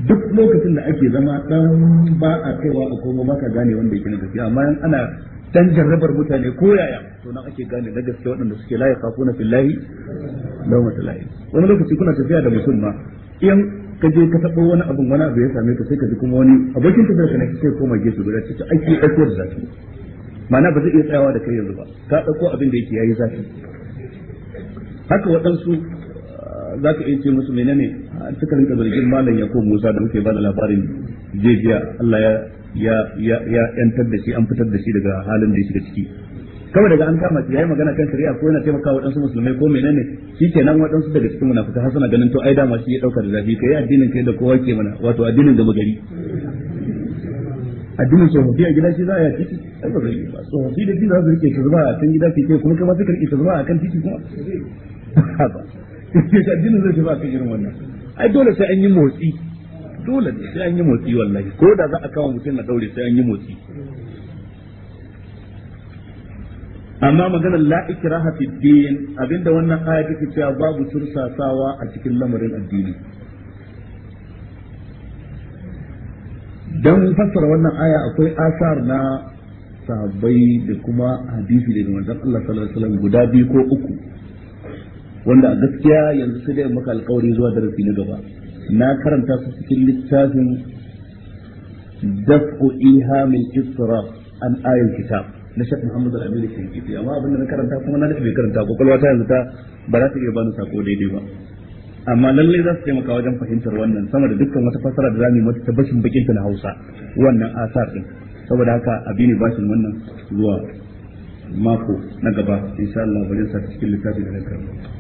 duk lokacin da ake zama dan ba a kaiwa a komo maka gane wanda yake na gaskiya amma in ana dan jarrabar mutane ko yaya to nan ake gane na gaske wadanda suke la yaqafuna fillahi law layi. wani lokaci kuna tafiya da mutum ma in ka je ka tabo wani abun wani abu ya same ka sai ka ji kuma wani abokin tafiyar ka ne sai koma gefe guda ce ta ake ɗaukar zafi ma'ana ba zai iya tsayawa da kai yanzu ba ka ɗauko abin da yake yayi zafi haka waɗansu za ka iya ce musu menene suka rinka zargin malam ya ko musa da muke ba da labarin jejiya Allah ya ya ya ya yantar da shi an fitar da shi daga halin da ya shiga ciki kawai daga an kama ya yayi magana kan shari'a ko yana taimaka wa ɗansu musulmai ko menene shikenan waɗansu daga cikin muna fita hasana ganin to ai dama shi ya dauka da zafi kai addinin kai da kowa ke mana wato addinin gama gari addinin tsofaffi a gida shi za a yi titi ai ba zai ba tsofaffi da gida za su rike ta zuba a kan gida ke kuma kai ma suka rike ta zuba a kan titi kuma addinin zai ba kan irin wannan ai dole sai an yi motsi dole ne sai an yi motsi wallahi ko da za a kama mutum na daure sai an yi motsi amma maganar la ikraha fi din abinda wannan aya take cewa babu tursasawa a cikin lamarin addini dan fassara wannan aya akwai asar na sahabbai da kuma hadisi daga manzon Allah sallallahu alaihi wasallam guda biyu ko uku wanda a gaskiya yanzu su dai maka alkawari zuwa darasi na gaba na karanta su cikin littafin daf'u ihamil isra an ayin kitab na Sheikh Muhammadu al ke kifi amma abin na karanta kuma na da karanta kwakwalwa ta yanzu ta ba za ta iya bani sako daidai ba amma lallai za su taimaka wajen fahimtar wannan sama da dukkan wata fasara da zamu yi mata tabbacin bakin na Hausa wannan asar din saboda haka abi ne bashin wannan zuwa mako na gaba insha Allah bari sa cikin littafin da na karanta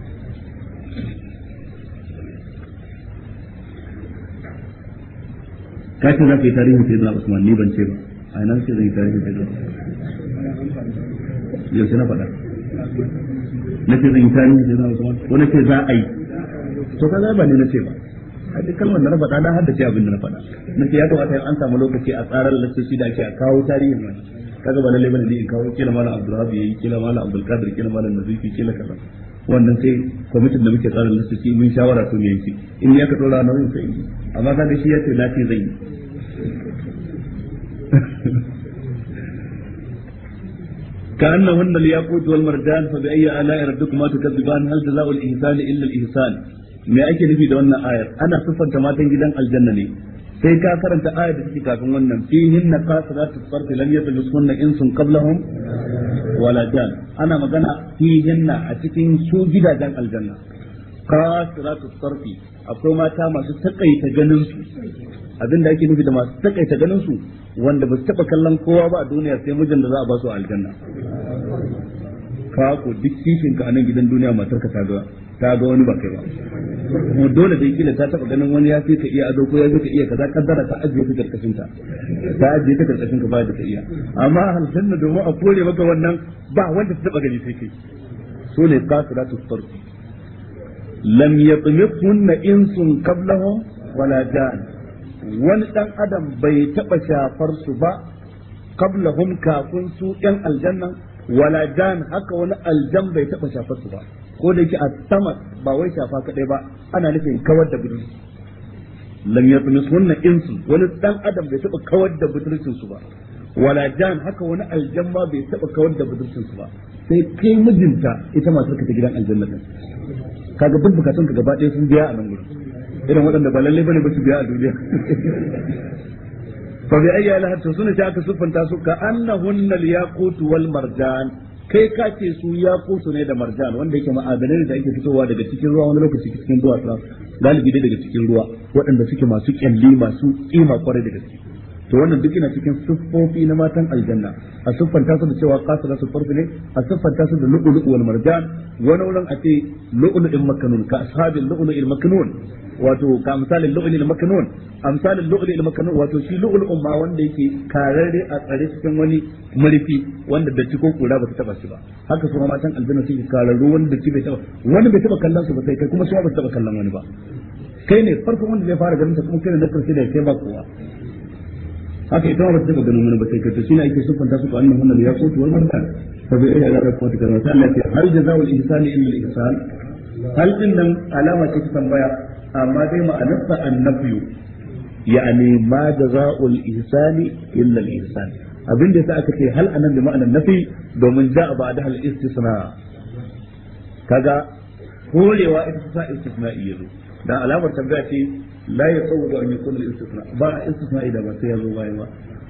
ka ce za ka yi tarihin sai da usman ni ban ce ba a yanar ce zai yi tarihin sai da yau na faɗa na ce zai yi tarihin sai da usman ko na ce za a yi to ka ba ne na ce ba a duk kalmar na faɗa na haddace abin da na faɗa na ce ya kamata an samu lokaci a tsarar lasoshi da ake a kawo tarihin wani kaga ba lalle bane ne in kawo kila malam abdurrahman yayi kila malam abdulkadir kila malam nazifi kila kaza wannan sai kwamitin da muke tsara lissafi mun shawara to me yake in ya ka dora nauyin sai amma ka da shi ya ce na ce zai yi كأنهن الياقوت والمرجان فبأي آلاء ربكما تكذبان هل جزاء illa إلا الإحسان me ake nufi da wannan ayar ana siffanta matan gidan aljanna ne sai ka karanta ayar da take kafin wannan fihin na qasiratu sarf lam yatlusunna insun qablahum wala jan ana magana fihin na a cikin su gidajen aljanna qasiratu sarfi akwai mata masu takaita ganin su da ake nufi da masu takaita ganin su wanda ba su taba kallon kowa ba a duniya sai mijin da za a ba su aljanna ka ko duk kishin ka anan gidan duniya matar ka ta ga ta ga wani ba kai ba kuma dole da kila ta taba ganin wani ya fi ka iya ado ko ya fi ka iya kaza kaddara ta ajiye ta karkashin ta ta ajiye ta karkashin ka ba da ta iya amma halsan da domin a kore maka wannan ba wanda ta taba gani sai kai so ne qasiratu tarfi lam yatmithunna insun qablahum wala jan wani dan adam bai taba shafar su ba qablahum kafin su yan aljanna wala jan haka wani aljan bai taba shafar su ba ko da yake a sama ba wai shafa kadai ba ana nufin kawar da budurci lam yatmisunna insu wani dan adam bai taba kawar da budurcin su ba wala jan haka wani aljamma bai taba kawar da budurcin su ba sai kai mijinta ita matar ka ta gidan aljanna din kaga duk bukatun ka gaba ɗaya sun biya a nan gurin irin waɗanda ba lalle bane ba su biya a duniya fa bi ayyi alahatu sunna ta ka sufanta su ka annahunna al-yaqut wal marjan kai ka ce su ya kusa ne da marjan wanda yake ma'adanai da ake fitowa daga cikin ruwa wani lokaci cikin ruwa galibi dai daga cikin ruwa waɗanda suke masu kyalli masu ƙima kwarai daga gaske to wannan duk yana cikin siffofi na matan aljanna a siffanta su da cewa qasira su farfi ne a siffanta su da lu'lu'u wal marjan wani wurin a ce lu'lu'in makanun ka ashabil lu'lu'il makanun wato ka misalin lu'lu'il makanun amsalin lu'lu'il makanun wato shi lu'lu'un ma wanda yake kararre a tsare cikin wani murfi wanda da ko kura ba ta taba shi ba haka su matan aljanna suke kararru wanda ci bai taba wani bai taba kallon su ba sai kai kuma su ba su taba kallon wani ba kai ne farkon wanda zai fara ganin ta kuma kai ne na karshe da ya kai ba kowa haka ita ba ta taɓa ganin wani ba sai kace shine ake sufanta su ko annahu annal yaqut wal mardan fa bai ila da kuma kana sai Allah ya ce hal jazaa'ul ihsani illa al ihsan hal din nan alama ce ta tambaya amma dai ma'anarsa annabiyu Ya'ani ma jazaa'ul ihsani illa al ihsan abin da yasa aka ce hal anan da ma'anar nafi domin da ja'a ba'da al istisna kaga korewa ita ta istisna'i yazo Da alamar tambaya ce la yaqulu an yakuna al-istisna ba a istisna idan ba sai ya zo baya ba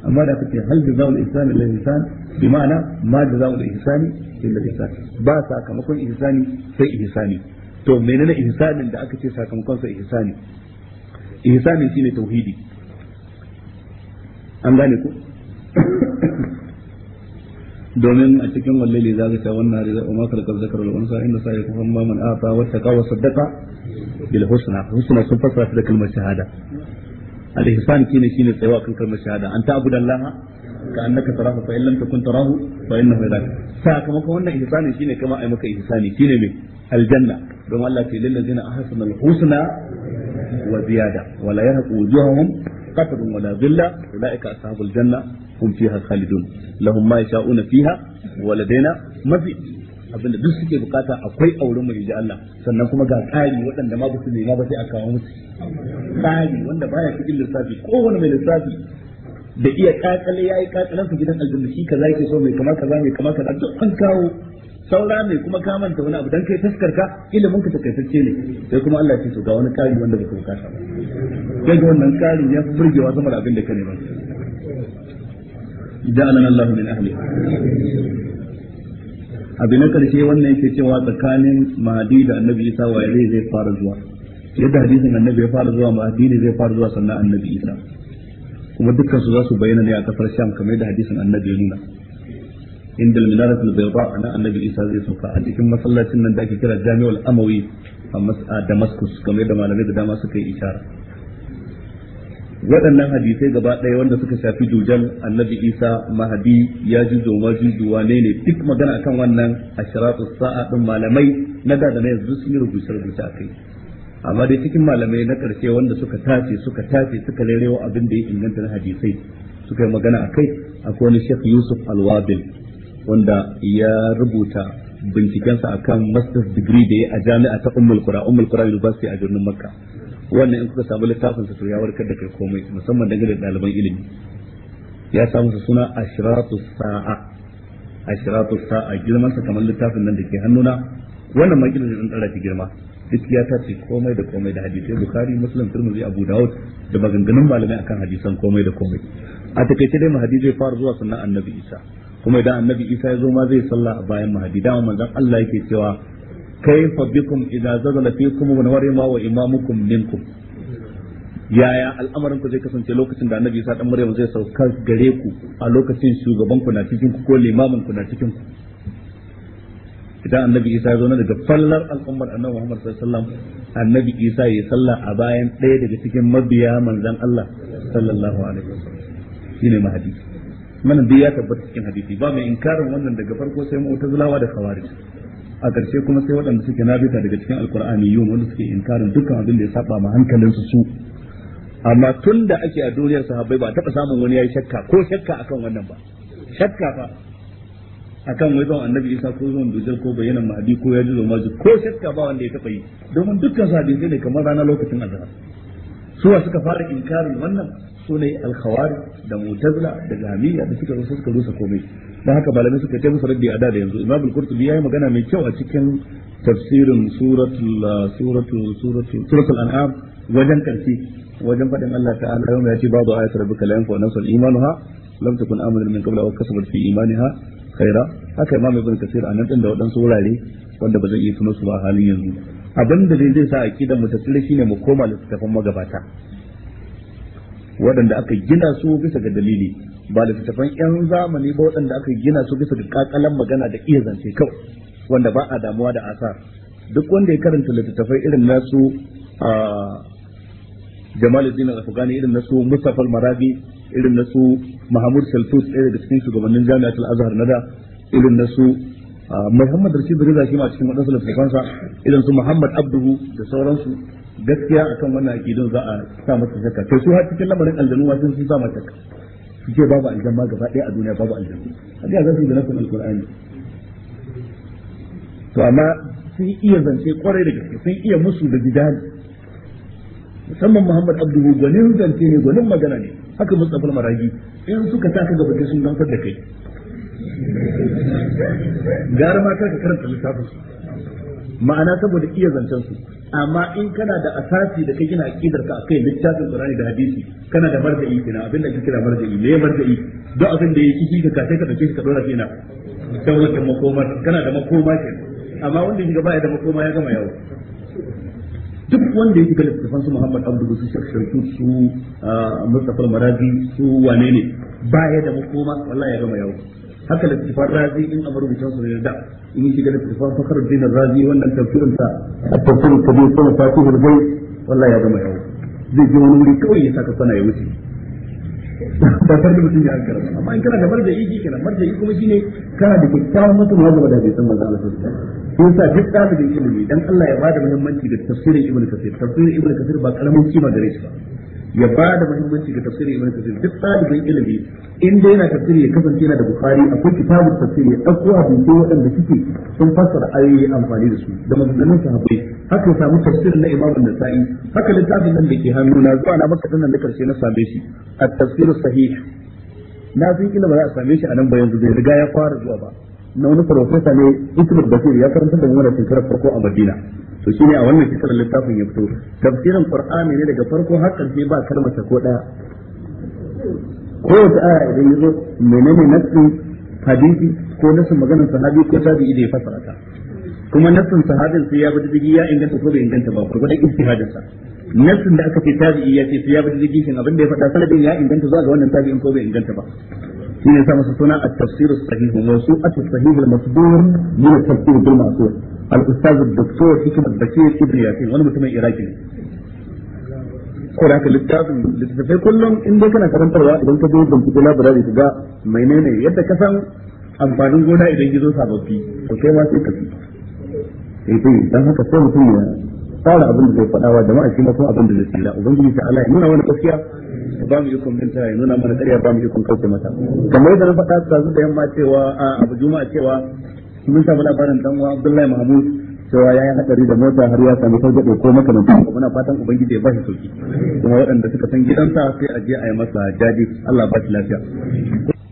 amma da kake hal jazaa'u al-ihsan da ihsan bi ma'ana ma jazaa'u al-ihsani da ihsan ba sa sakamakon ihsani sai ihsani to menene ihsanin da aka ce sakamakon sai ihsani ihsani shine tauhidi an gane ku? domin a cikin wallahi za ka ta wannan hari zai umar kalkal zakar wal unsa inda sa ya kuma man afa wa taqa wa saddaqa bil husna husna sun fasara da kalmar shahada al ihsan kine shine tsayawa kan kalmar shahada anta abudallaha ka annaka tarahu fa illam takun tarahu fa innahu yarak sakamakon wannan ihsani shine kama ai maka ihsani shine me aljanna don Allah ce lil ladina ahsanul husna wa ziyada wala yahqu wujuhahum qatrun wala dhilla ulaika ashabul janna hum fiha khalidun lahum ma yasha'una fiha wa ladaina mafi abinda duk suke bukata akwai auren mai Allah sannan kuma ga tsari waɗanda ma ba su nema ba sai a kawo musu tsari wanda baya cikin lissafi kowane mai lissafi da iya kakale yayi kakalan su gidan aljanna shi kaza yake so mai kama kaza mai kama kaza duk an kawo saura mai kuma kamanta wani abu dan kai taskarka ilimin ka takaitacce ne sai kuma Allah ya ce to ga wani kari wanda baka bukata ba Sai ga wannan karin ya burgewa sama da abin da ka nema ja'alana Allah min ahli abin na karshe wannan yake cewa tsakanin mahadi da annabi isa waye zai fara zuwa yadda hadisin annabi ya fara zuwa ne zai fara zuwa sannan annabi isa kuma dukkan su za su bayyana ne a kafar sham kamar yadda hadisin annabi ya nuna inda al-minarat al-bayda na annabi isa zai sauka a cikin masallacin nan da ake kira jami'ul amawi a damascus kamar yadda malamai da dama suka yi isharar waɗannan hadisai gaba ɗaya wanda suka shafi dujan annabi isa mahadi ya ji zoma juju zuwa ne duk magana kan wannan ashratu sa'a ɗin malamai na da na yanzu sun yi rubuce rubuce a kai amma dai cikin malamai na ƙarshe wanda suka tace suka tace suka rerewa abin da ya inganta na hadisai suka yi magana a kai akwai wani shek yusuf alwabil wanda ya rubuta bincikensa akan master's degree da ya a jami'a ta ummul kura ummul kura university a birnin makka wannan in kuka samu littafin sa ya warkar da kai komai musamman dangane da ɗaliban ilimi ya samu su suna ashratu sa'a ashratu sa'a girman sa kamar littafin nan da ke hannuna wannan ma gidan din tsara girma duk ya tace komai da komai da hadisi bukhari muslim tirmidhi abu daud da maganganun malamai akan hadisan komai da komai a takaice dai mahadi zai fara zuwa sannan annabi isa kuma idan annabi isa ya zo ma zai salla a bayan mahadi dama manzon Allah yake cewa kaifa bikum idza zazala fikum wa marima yaya al'amarin zai kasance lokacin da annabi isa dan maryam zai sauka gare ku a lokacin shugaban ku na cikin ku ko limamin na cikin ku idan annabi isa ya zo daga fallar al'ummar annabi muhammad sallallahu alaihi annabi isa ya sallah a bayan ɗaya daga cikin mabiya manzon allah sallallahu alaihi wasallam shine mahadi mana duk ya tabbata cikin hadisi ba mai inkarin wannan daga farko sai mu'tazilawa da khawarij a ƙarshe kuma sai waɗanda suke nabita daga cikin alkur'ani yiwu wanda suke inkarin dukkan abin da ya saba ma hankalinsu su amma tun da ake a duniyar sahabbai ba taɓa samun wani yayi shakka ko shakka akan wannan ba shakka ba akan wai zuwan annabi isa ko zuwan Dujar ko bayanan mahadi ko ya jizo maji ko shakka ba wanda ya taɓa yi domin dukkan sahabbai ne kamar rana lokacin azhar su suka fara inkarin wannan su ne alkhawari da mutazila da jami'a da suka rusa suka rusa komai dan haka malamai suka ta musu raddi a da yanzu imam al-qurtubi yayi magana mai kyau a cikin tafsirin suratul suratul suratul suratul an'am wajen karfi wajen fadin Allah ta'ala yau ya ce babu ayatu rabbika la yanfa'u nafsan imanuha lam takun amanat min qabla aw kasabat fi imaniha khaira haka imam ibn kasir anan din da wadansu wurare wanda ba zai iya tuno su ba halin yanzu abin da zai sa aqidar mu ta tsire shine mu koma littafin magabata waɗanda aka gina su bisa ga dalili ba littattafan 'yan zamani ba waɗanda aka gina su bisa ga kakalan magana da iya zance kawai wanda ba a damuwa da asa. duk wanda ya karanta littattafai irin nasu a Jamaluddin Al-Afghani irin nasu Mustafa Al-Marabi irin nasu Mahmud Shaltut ɗaya daga cikin shugabannin Jami'atul Azhar na da irin nasu Muhammad Rashid Riza shi ma cikin waɗansu littattafansa irin su Muhammad Abduhu da sauransu gaskiya akan wannan akidun za a sa masa shakka kai su har cikin lamarin aljanu wasu sun sa masa shakka suke babu aljanna gaba ɗaya a duniya babu aljanna hadiya za su yi da nasin alqur'ani to amma sun iya zance kwarai da gaske sun iya musu da gidan musamman Muhammad Abdullahi gwanin zance ne gwanin magana ne haka Mustafa Maragi in suka sa ka gaba sun gamfar da kai gara ma ka karanta littafin ma'ana saboda iya zancen su amma in kana da asasi da ka gina aqidar ka akai littafin Qur'ani da hadisi kana da marja'i kina abin da kake kira marja'i ne marja'i duk abin da yake kike ka sai ka dace ka dora kina dan wata makoma kana da makoma ke, amma wanda yake baya da makoma ya gama yawo duk wanda yake kallon littafin su Muhammad Abdul su Sharifu su ah, Mustafa Maradi su wane ne baya da makoma wallahi ya gama yawo haka da tafar razi in a marubutan su yarda in shiga da tafar fakar din razi wannan tafsirin sa tafsirin ta biyu kuma fatihul bai wallahi ya zama yawo zai je wani wuri kawai ya saka sana ya wuce da mutum ya ankara amma in kana da marja yi kenan marja yi kuma shine kana da kyakkyawan mutum wanda ba da bai san manzo Allah sallallahu alaihi wasallam yasa duk ɗalibin ilimi dan Allah ya bada muhimmanci ga tafsirin ibnu kasir tafsirin ibnu kasir ba karamin kima gare shi ba ya ba da muhimmanci ga tafsiri ibn kasir duk ɗalibin ilimi in dai yana tafsiri ya kasance yana da bukari akwai kitabun tafsiri ya ɗauko hadisai waɗanda suke sun fassara ayoyi amfani da su da maganganun sahabbai haka ya samu tafsirin na imamu nasa'i haka littafin nan da ke hannu na zuwa na maka da karshe na same shi a tafsirin sahih na san kila ba za a same shi a nan ba yanzu bai riga ya fara zuwa ba na wani farfesa ne Ismail Basir ya karanta da mu da shekarar farko a Madina to ne a wannan shekarar littafin ya fito tafsirin qur'ani ne daga farko har karshe ba kalma ta ko daya wata aya idan yazo menene nassin hadisi ko nassin maganar sahabi ko tabi'i da ya fassara ta kuma nassin sahabi sai ya bi digi ya inganta ko bai inganta ba da ijtihadin sa nassin da aka ce tabi'i ya ce sai ya bi digi shin abin da ya faɗa sanadin ya inganta zuwa ga wannan tabi'in ko bai inganta ba shi ne sa masa suna at-tafsir as-sahih wa su at-sahih al bil al wani mutumin iraki ne ko da haka littafin littafai kullum in dai kana karantarwa idan ka je bincike labarari ka ga menene yadda ka san amfanin gona idan gizo sababbi to kai ma sai ka fi sai eh, dan haka sai mutum ya tsara abin da zai faɗawa jama'a shi ma kuma abin da zai tsira ubangiji ta Allah ya nuna wani gaskiya ba mu ikon binta ya nuna mana ƙarya ba mu ikon kauce mata kamar yadda na faɗa ta zuwa yamma cewa a abu juma'a cewa mun samu labarin dan uwa Abdullahi Mahmud cewa ya yi hatsari da mota har ya sami sauƙaƙe ko makamantan ko muna fatan ubangiji ya ba shi sauƙi kuma waɗanda suka san gidansa sai a je a yi masa jadi Allah ba shi lafiya